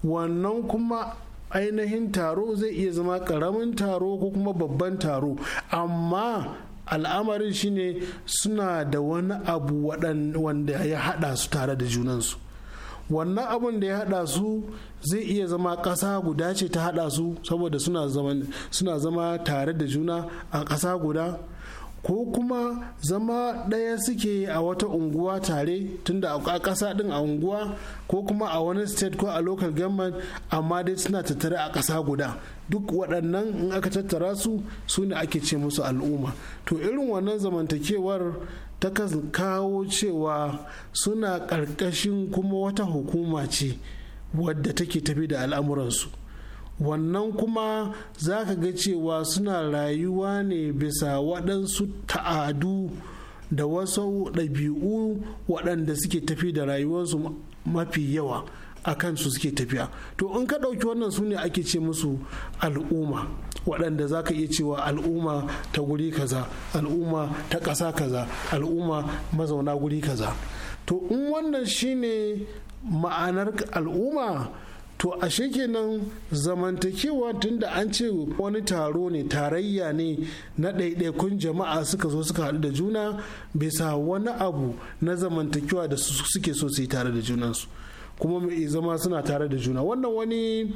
Speaker 7: wannan kuma ainihin taro zai iya zama ƙaramin taro ko kuma babban taro amma al'amarin shine suna da wani abu wanda ya haɗa su tare da junansu wannan abun da ya hada su zai iya zama ƙasa guda ce ta hada su saboda suna zama tare da juna a ƙasa guda ko kuma zama ɗaya suke a wata unguwa tare tunda a ƙasa ɗin a unguwa ko kuma a wani state ko a local government amma dai suna tattare a ƙasa guda duk waɗannan in aka tattara su su ne ake ce musu al'umma to irin wannan zamantakewar takan kawo cewa suna ƙarƙashin kuma wata hukuma ce wadda take tafi da al'amuransu wannan kuma za ka ga cewa suna rayuwa ne bisa waɗansu ta'adu da wasu ɗabi'u waɗanda suke tafi da rayuwarsu mafi yawa a kansu suke tafiya to in ka ɗauki wannan su ne ake ce musu al'umma waɗanda za ka iya cewa al'umma ta guri kaza al'umma ta ƙasa kaza al'umma mazauna guri kaza to in wannan shine ma'anar al'umma to a kenan zamantakewa tun da an ce wani taro ne tarayya ne na ɗaiɗaikun jama'a suka zo suka haɗu da juna bisa wani abu na zamantakewa da suke so su yi tare da junansu kuma mai zama suna tare da juna wannan wani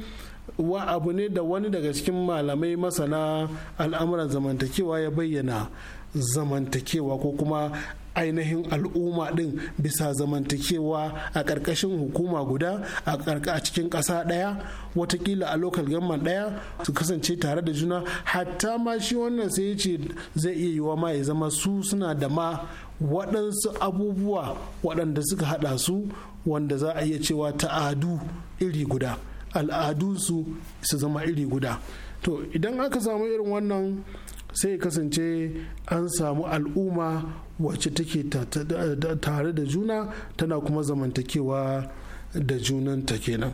Speaker 7: wa abu ne da wani daga cikin malamai masana al'amuran zamantakewa ya bayyana zamantakewa ko kuma ainihin al'umma din bisa zamantakewa a ƙarƙashin hukuma guda a cikin ƙasa ɗaya watakila a lokal gamman ɗaya su kasance tare da juna hatta ma shi wannan sai ce zai iya yiwa ma ya zama su suna da ma waɗansu abubuwa waɗanda suka haɗa su wanda za a iya cewa ta'adu iri guda al'adunsu su zama iri guda to idan aka samu irin wannan sai kasance an samu al'umma wacce take tare da juna tana kuma zamantakewa da junanta kenan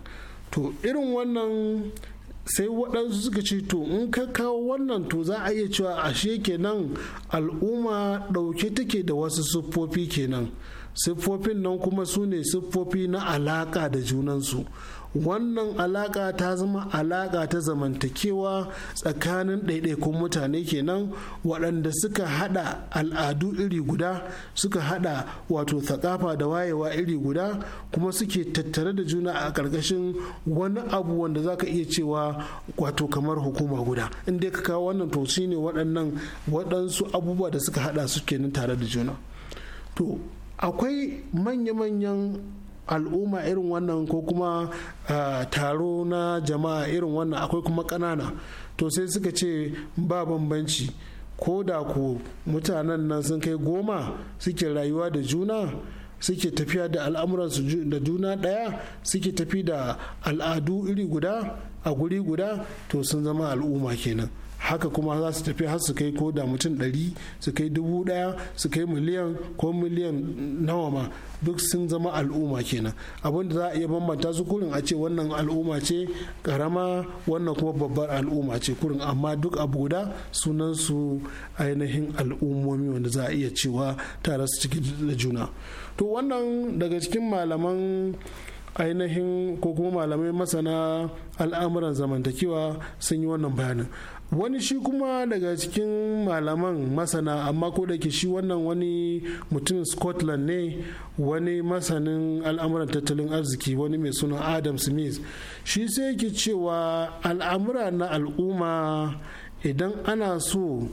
Speaker 7: to irin wannan sai waɗansu suka ce to in ka kawo wannan to za a iya cewa ashe kenan al'umma ɗauke take da wasu siffofi kenan siffofin nan kuma su ne siffofi na alaƙa da junansu wannan alaƙa ta zama alaƙa ta zamantakewa tsakanin ɗaiɗaikun mutane kenan waɗanda suka haɗa al'adu iri guda suka haɗa wato thakafa da wayewa iri guda kuma suke tattare da juna a ƙarƙashin wani abu wanda za ka iya cewa wato kamar hukuma guda in dai ka kawo wannan to ne waɗannan waɗansu abubuwa da suka haɗa su kenan tare da juna to akwai manya-manyan al'umma irin wannan ko kuma ah, taro na jama'a irin wannan akwai kuma ƙanana to sai suka ce ba bambanci ko da ku mutanen nan sun kai goma suke rayuwa da juna suke tafiya da al'amuransu da juna ɗaya suke tafi da al'adu iri guda a guri guda to sun zama al'umma kenan haka kuma za su tafi har su kai ko da mutum ɗari su kai dubu ɗaya su kai miliyan ko miliyan nawa ma duk sun zama al'umma kenan abin da za a iya bambanta su kurin a ce wannan al'umma ce karama wannan kuma babbar al'umma ce kurin amma duk a guda sunan su ainihin al'ummomi wanda za a iya cewa tare su cikin da juna to wannan daga cikin malaman ainihin ko kuma malamai masana al'amuran zamantakewa sun yi wannan bayanin wani shi kuma daga cikin malaman masana amma ko da ke shi wannan wani mutumin scotland ne wani masanin al'amuran tattalin arziki wani mai suna adam smith shi sai yake cewa al'amura na al'umma idan ana so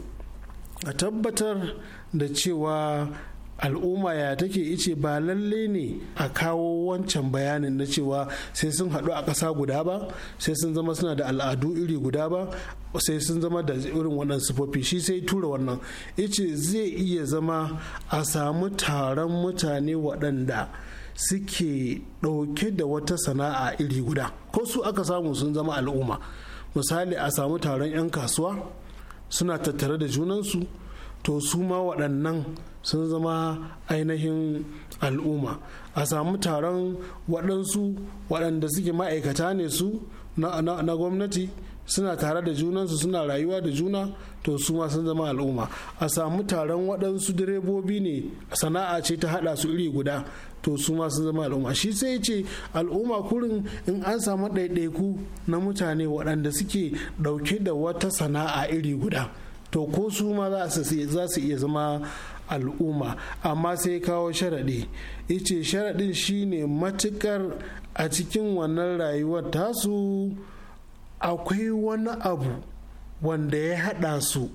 Speaker 7: a tabbatar da cewa al'umma ya take ice ba lalle ne a kawo wancan bayanin na cewa sai sun haɗu a ƙasa guda ba sai sun zama suna da al'adu iri guda ba sai sun zama da irin wannan sufofi shi sai tura wannan ice zai iya zama a samu taron mutane waɗanda suke ɗauke da wata sana'a iri guda ko su aka samu sun zama al'umma misali a samu taron 'yan kasuwa suna tattare da junansu to su ma waɗannan sun zama ainihin al'umma a samu taron waɗansu waɗanda suke ma'aikata ne su na, gwamnati suna tare da junansu suna rayuwa da juna to su ma sun zama al'umma a samu taron waɗansu direbobi ne sana'a ce ta haɗa su iri guda to su ma sun zama al'umma shi sai ce al'umma kurin in an samu ɗaiɗaiku na mutane waɗanda suke ɗauke da wata sana'a iri guda to ko su ma za su iya zama al'umma amma sai kawo sharaɗi ice sharaɗin shine matukar a cikin wannan rayuwar tasu akwai wani abu wanda ya haɗa su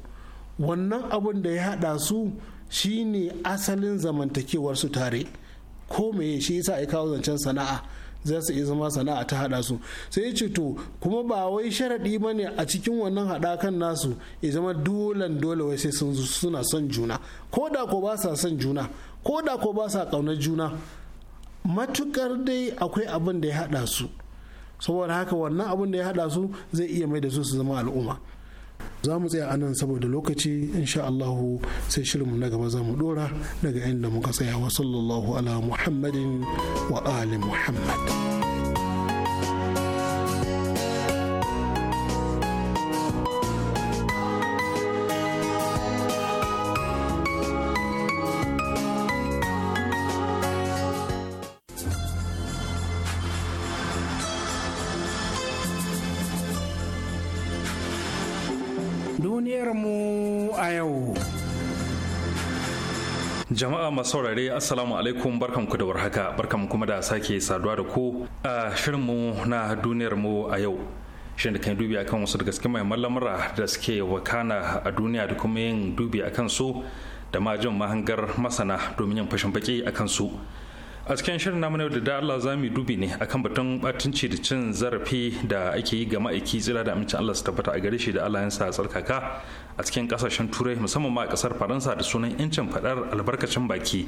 Speaker 7: wannan abun da ya haɗa su shine asalin zamantakewarsu tare ko meye shi yasa ya kawo zancen sana'a za su iya zama sana'a ta hada su sai ce to kuma ba wai sharaɗi ba ne a cikin wannan haɗakan nasu ya zama dolan dole wai sai suna son juna ko da ko ba sa son juna ko da ko ba sa ƙaunar juna matukar dai akwai abin da ya hada su saboda haka wannan abin da ya hada su zai iya mai da su su zama al'umma za mu tsaya anan saboda lokaci insha Allahu sai shirinmu na gaba za mu dora daga inda muka tsaya wa sallallahu ala muhammadin wa ali
Speaker 3: muhammad
Speaker 1: Jama'a masu saurare Assalamu alaikum barkanku da warhaka barkanku kuma da sake saduwa da ku a mu na duniyar mu a yau. Shirin da kan dubi akan wasu daga gaske mai lamura da suke wakana a duniya da kuma yin dubi akan su da majin mahangar masana domin yin fashin baki akan su. a cikin shirin namu na da Allah za mu dubi ne akan batun batunci da cin zarafi da ake yi ga ma'aiki tsira da amincin Allah su tabbata a gare shi da Allah sa tsarkaka a cikin kasashen turai musamman ma a kasar faransa da sunan yancin fadar albarkacin baki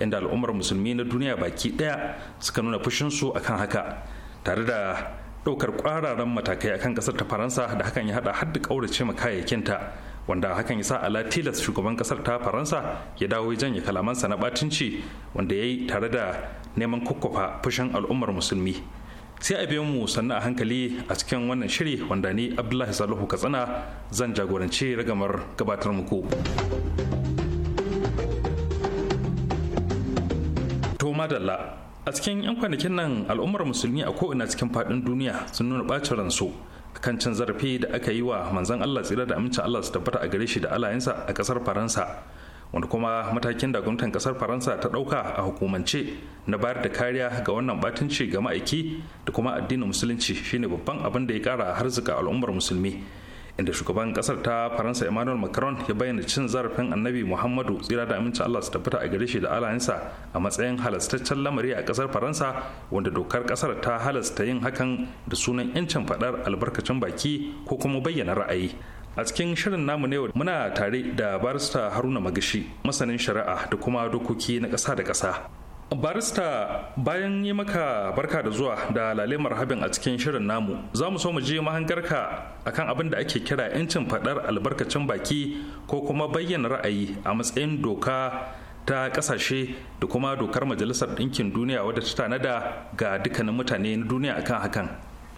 Speaker 1: inda al'ummar musulmi na duniya baki daya suka nuna fushinsu akan haka tare da ɗaukar ƙwararan matakai akan kasar ta faransa da hakan ya haɗa har da ƙaurace ma kayayyakinta wanda hakan ya sa ala tilas shugaban kasar ta faransa ya dawo janye kalamansa na batinci wanda ya yi tare da neman kukkufa fushin al'ummar musulmi sai a biyan mu sannan a hankali a cikin wannan shiri wanda ni abdullahi salihu katsina zan jagoranci ragamar gabatar muku to madalla a cikin 'yan kwanakin nan al'ummar musulmi a ko'ina cikin faɗin duniya sun nuna ɓacin ransu kan cin zarafi da aka yi wa manzon Allah tsira da amincin Allah su tabbata a gare shi da alayensa a kasar Faransa wanda kuma matakin da gwamnatin kasar Faransa ta dauka a hukumance na bayar da kariya ga wannan batunci ga ma'aiki da kuma addinin musulunci shine babban abin da ya kara harzuka al'ummar musulmi inda shugaban kasar ta faransa emmanuel macron ya bayyana cin zarafin annabi muhammadu tsira da amincin allah su tabbata a gare shi da alayensa a matsayin halastaccen lamari a kasar faransa wanda dokar kasar ta halasta yin hakan da sunan yancin fadar albarkacin baki ko kuma bayyana ra'ayi a cikin shirin namu ne muna tare da barista haruna magashi masanin shari'a da kuma dokoki na ƙasa da ƙasa barista bayan yi maka barka da zuwa da lalemar habin a cikin shirin namu za mu so mu je mahangarka akan abin da ake kira 'yancin faɗar albarkacin baki ko kuma bayyana ra'ayi a matsayin doka ta kasashe da kuma dokar majalisar ɗinkin duniya wadda ta tanada ga dukkanin mutane na duniya akan hakan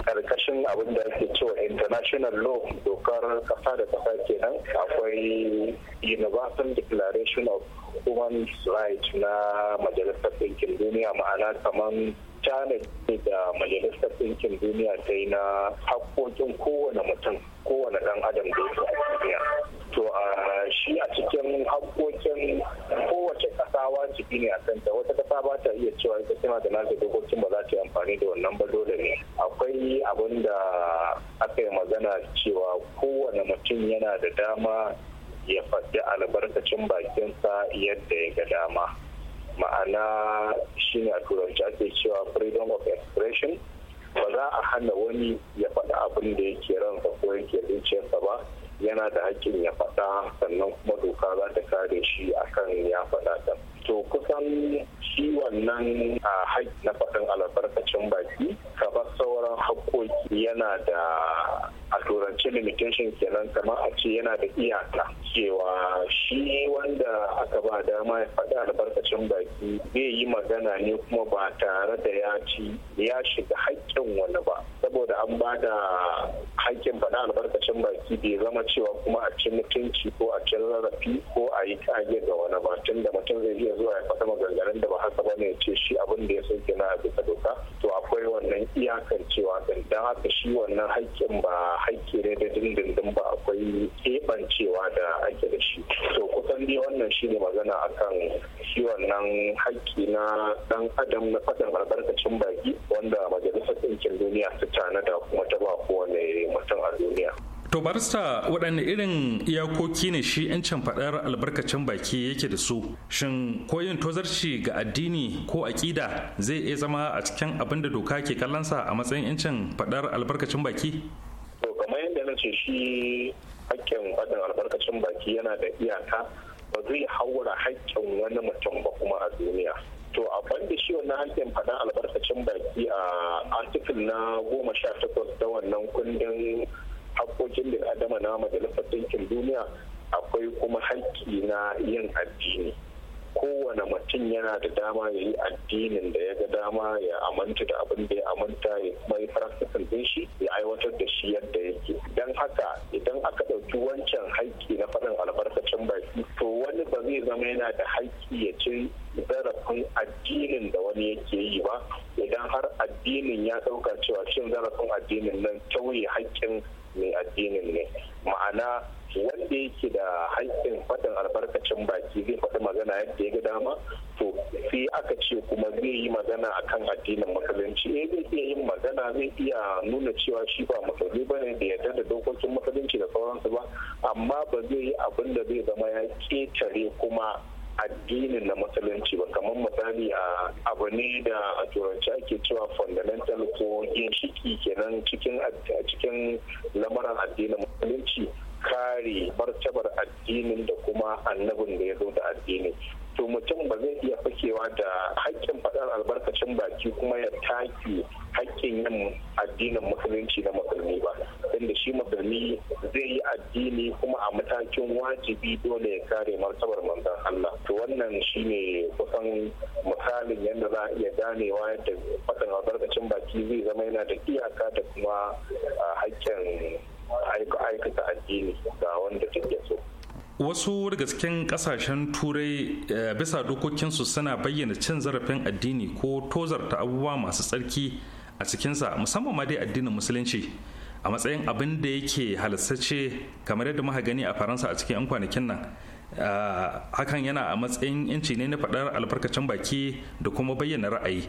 Speaker 4: karkashin abin da ake cewa international law dokar kasa da kasa kenan akwai universal declaration of human rights na majalisar ɗinkin duniya ma'ana kamar china da majalisar ɗinkin duniya ta yi na haƙƙoƙin kowane mutum kowane ɗan adam da yake a duniya to a shi a cikin haƙƙoƙin kowace ƙasa wajibi ne a kanta wata ƙasa ba ta iya cewa ita tana da nasa dokokin ba za ta yi amfani da wannan ba dole ne akwai abin da aka yi magana cewa kowane mutum yana da dama ya faɗi albarkacin bakinsa yadda ya ga dama ma'ana shine a turanci ake cewa freedom of expression ba za a hana wani ya faɗi abin da yake ransa ko yake zuciyarsa ba yana da hakkin ya faɗa sannan kuma doka za ta kare shi akan ya faɗa ta to kusan shi wannan a haƙƙi na faɗin albarkacin baki kamar sauran haƙƙoƙi yana da a turanci limitation kenan kamar a ce yana da iyaka cewa shi wanda aka ba dama ya faɗi albarkacin baki zai yi magana ne kuma ba tare da ya ci ya shiga haƙƙin wani ba saboda an ba da hakkin faɗa albarkacin baki bai zama cewa kuma a cin mutunci ko a cin rarrafi ko a yi kage ga wani ba tun da mutum zai iya zuwa ya faɗa maganganun da ba haka ba ne ya ce shi abin da ya sauke na bisa doka to akwai wannan iyakar cewa don haka shi wannan hakkin ba hakki ne da dindindin ba akwai keɓancewa da ake da shi to kusan dai wannan shi ne magana akan shi wannan hakki na ɗan adam na faɗin albarkacin baki wanda majalisar ɗinkin duniya ta da kuma ta ba kowane mutum a duniya
Speaker 1: To barista waɗanne irin iyakoki ne shi 'yancin faɗar albarkacin baki yake da su shin koyin tozarci ga addini ko aƙida zai iya zama a cikin abin da doka ke kallonsa a matsayin 'yancin faɗar albarkacin baki?
Speaker 3: To kamar yadda na ce
Speaker 4: shi haƙƙin faɗin albarkacin baki yana da iyaka ba zai haura haƙƙin wani mutum ba kuma a duniya. to a banda shi wannan hankin faɗan albarkacin baki a artikul na goma sha takwas da wannan kundin haƙƙoƙin da adama na majalisar ɗinkin duniya akwai kuma haƙƙi na yin addini kowane mutum yana da dama ya yi addinin da ya ga dama ya amanta da abin da ya amanta ya kuma yi farasikin din shi ya aiwatar da shi yadda yake don haka idan aka ɗauki wancan haƙƙi na faɗin albarka to wani ba zai zama yana da haƙƙi ya ci zarafin addinin da wani yake yi ba idan har addinin ya ɗauka cewa cin zarafin addinin nan tauye haƙƙin mai addinin ne ma'ana wanda yake da hankin faɗin albarkacin baki zai faɗi magana yadda ya ga dama to sai aka ce kuma zai yi magana a kan addinin musulunci eh zai iya yin magana zai iya nuna cewa shi ba musulmi bane da yadda da dokokin musulunci da sauransu ba amma ba zai yi abin da zai zama ya ketare kuma addinin na musulunci ba kamar misali a abu ne da a turanci ake cewa fundamental ko ginshiki kenan cikin cikin lamarin addinin musulunci kare martabar addinin da kuma annabin da ya zo da addini to mutum ba zai iya fakewa da haƙƙin faɗar albarkacin baki kuma ya take haƙƙin yin addinin musulunci na musulmi ba inda shi musulmi zai yi addini kuma a matakin wajibi dole ya kare martabar manzan Allah to wannan shine kusan misalin yadda za a iya ganewa yadda faɗin albarkacin baki zai zama yana da iyaka da kuma ah, haƙƙin aikata addini ga wanda take so
Speaker 1: wasu gasken kasashen turai eh, bisa dokokinsu suna bayyana cin zarafin addini ko tozarta abubuwa masu tsarki a cikinsa musamman ma dai addinin musulunci a matsayin abin da yake halastace kamar yadda muka gani a faransa a cikin 'yan kwanakin nan eh, hakan yana a matsayin yanci ne na faɗar albarkacin baki da kuma bayyana ra'ayi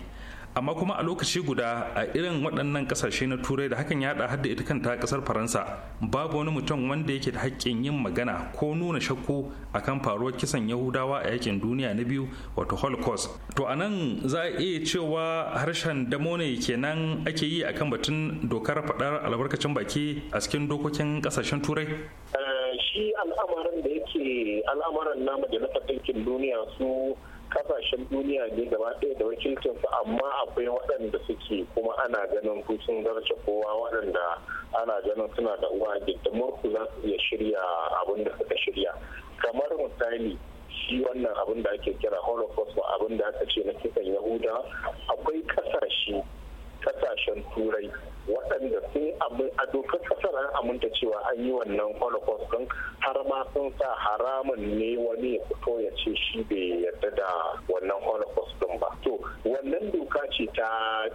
Speaker 1: amma kuma a lokaci guda a irin waɗannan ƙasashe na turai da hakan ya haɗa hadda ita kanta ƙasar faransa babu wani mutum wanda yake da haƙƙin yin magana ko nuna shakku akan faruwar kisan yahudawa a yakin duniya na biyu wato holocaust to a nan za a iya cewa harshen damo ne kenan ake yi akan batun dokar faɗar albarkacin baki a cikin dokokin ƙasashen turai
Speaker 4: eh, shi al'amarin da yake al'amarin na majalisar ɗinkin duniya su kasashen duniya ne gaba ɗaya da wakilcin su amma akwai waɗanda suke kuma ana ganin sun zarce kowa waɗanda ana ganin suna da uwa da murku za su iya shirya abin da suka shirya kamar misali shi wannan abin da ake kira holocaust ba abin da aka ce na kisan yahuda akwai kasashe kasashen turai waɗanda sun abin a dokar kasar an aminta cewa an yi wannan holocaust din har ma sun sa haramun ne wani ya fito ya ce shi bai yarda da wannan holocaust din ba to wannan doka ce ta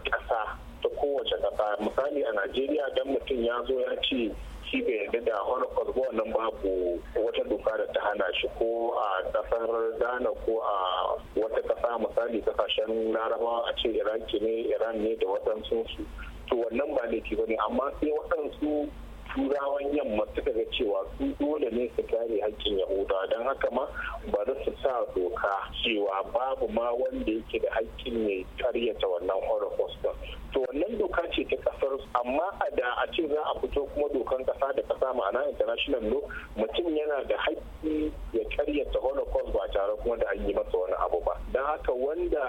Speaker 4: ƙasa ta kowace ƙasa misali a najeriya don mutum ya zo ya ce shi bai yarda da holocaust ba wannan babu wata doka da ta hana shi ko a ƙasar ghana ko a wata ƙasa misali kasashen larabawa a ce iraki ne iran ne da waɗansu su to wannan ba laifi ba ne amma sai waɗansu turawan yamma suka ga cewa su dole ne su kare hakkin yahudawa don haka ma ba za su sa doka cewa babu ma wanda yake da hakkin ne karyata wannan holocaust to wannan doka ce ta kasar amma a da a ce za a fito kuma dokan kasa da kasa ma'ana international law mutum yana da haƙƙi ya karyata holocaust ba tare kuma da an yi masa wani abu ba don haka wanda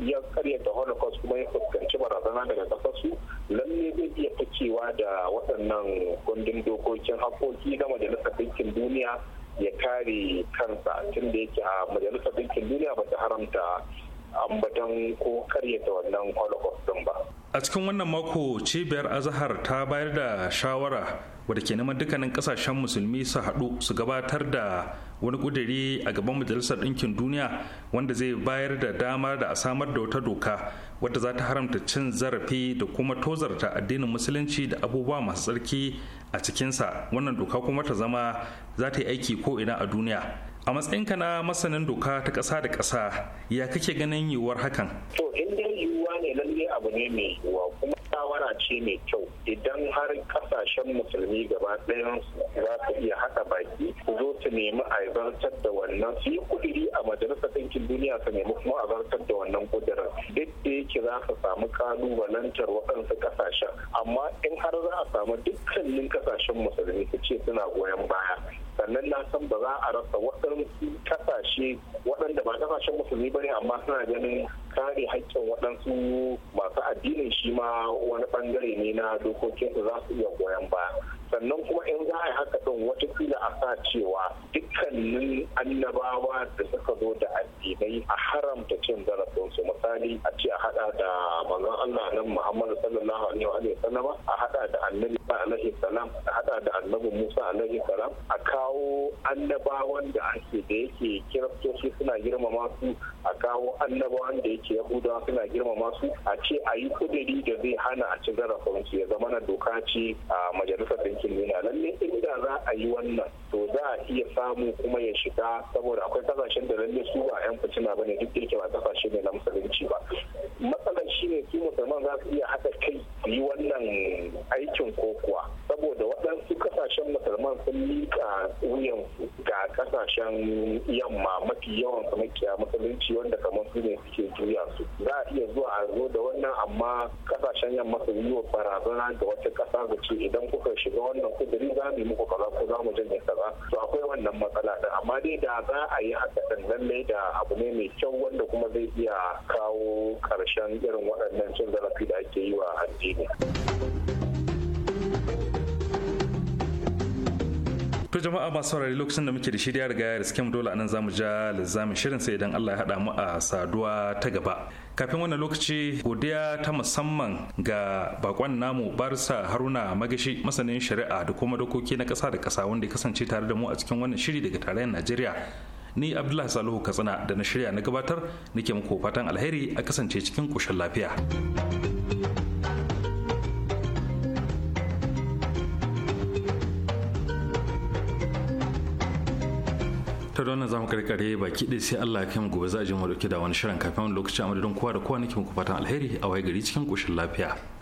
Speaker 4: ya karyata holocaust kuma ya fuskanci barazana daga kasar su lalle zai iya fakewa da waɗannan kundin dokokin haƙƙoƙi na majalisar ɗinkin duniya ya kare kansa tun da yake a majalisar ɗinkin duniya ba ta haramta ambaton ko karyata wannan din ba
Speaker 1: a cikin wannan mako cibiyar azahar ta bayar da shawara wadda ke neman dukkanin kasashen musulmi su haɗu su gabatar da wani ƙudiri a gaban majalisar ɗinkin duniya wanda zai bayar da dama da a samar da wata doka wadda za ta haramta cin zarafi da kuma tozarta addinin musulunci da abubuwa masu tsarki a cikinsa wannan doka kuma ta zama za ta yi aiki ko ina a duniya a matsayinka na masanin doka ta ƙasa da ƙasa ya kake ganin yiwuwar hakan
Speaker 3: to in dai yiwuwa ne lalle abu ne
Speaker 4: mai yiwuwa kuma shawara ce mai kyau idan har kasashen musulmi gaba ɗayan za su iya haɗa baki su zo su nemi a zartar da wannan su yi kudiri a majalisar ɗinkin duniya su nemi kuma a zartar da wannan kudirin duk da yake za su samu kalubalantar waɗansu kasashen amma in har za a samu dukkanin kasashen musulmi su ce suna goyon baya sannan na san ba za a rasa wasu kasashe waɗanda ba kasashen musulmi ba ne amma suna ganin kare haƙƙin waɗansu masu addinin shi ma wani ɓangare ne na dokokin za su iya goyon baya sannan kuma in za a yi haka ɗin watakila a sa cewa dukkanin annabawa da suka zo da addinai a haramta cin zarafinsu misali a ce a haɗa da manzon Allah nan Muhammadu sallallahu alaihi wa sallama a haɗa da annabi alaihi salam a hada da annabi Musa alaihi salam a kawo annabawan da ake da yake kiristoci suna girmama su a kawo annabawan da yake yahudawa suna girmama su a ce a yi kudiri da zai hana a ci zarafinsu ya zama na doka ce a majalisar bankin nuna lalle inda za a yi wannan to za a iya samu kuma ya shiga saboda akwai kasashen da lalle su ba 'yan fitina bane duk da yake ba kasashe ne na musulunci ba matsalar shine su musulman za su iya haɗa kai yi wannan aikin ko kuwa saboda waɗansu kasashen musulman sun miƙa wuyansu ga kasashen yamma mafi yawan su makiya musulunci wanda kamar su ne suke juya su za a iya zuwa a zo da wannan amma kasashen yamma su yi wa barazana ga wata ƙasa su ce idan kuka shiga wannan kudiri za mu yi muku kaza ko za mu janye kaza to akwai wannan matsala ɗin amma dai da za a yi haka ɗin lallai da abu ne mai kyau wanda kuma zai iya kawo ƙarshen irin waɗannan cin zarafi da ake yi wa addini
Speaker 1: To jama'a masu saurari lokacin da muke da shirya gaya da riske mu dole anan zamu ja lizamin shirin sai idan Allah ya hada mu a saduwa ta gaba. Kafin wannan lokaci godiya ta musamman ga bakon namu Barsa Haruna Magashi masanin shari'a da kuma dokoki na ƙasa da ƙasa wanda ya kasance tare da mu a cikin wannan shiri daga tarayyar Najeriya. Ni Abdullahi Salihu Katsina da na shirya na gabatar nake muku fatan alheri a kasance cikin koshin lafiya. ta nan za zamu karkare baki ɗaya sai Allah ya kai mu gobe za a je mu dauke da wani shirin kafin wani lokaci a madadin kowa da kowa nake muku fatan alheri a waye gari cikin koshin lafiya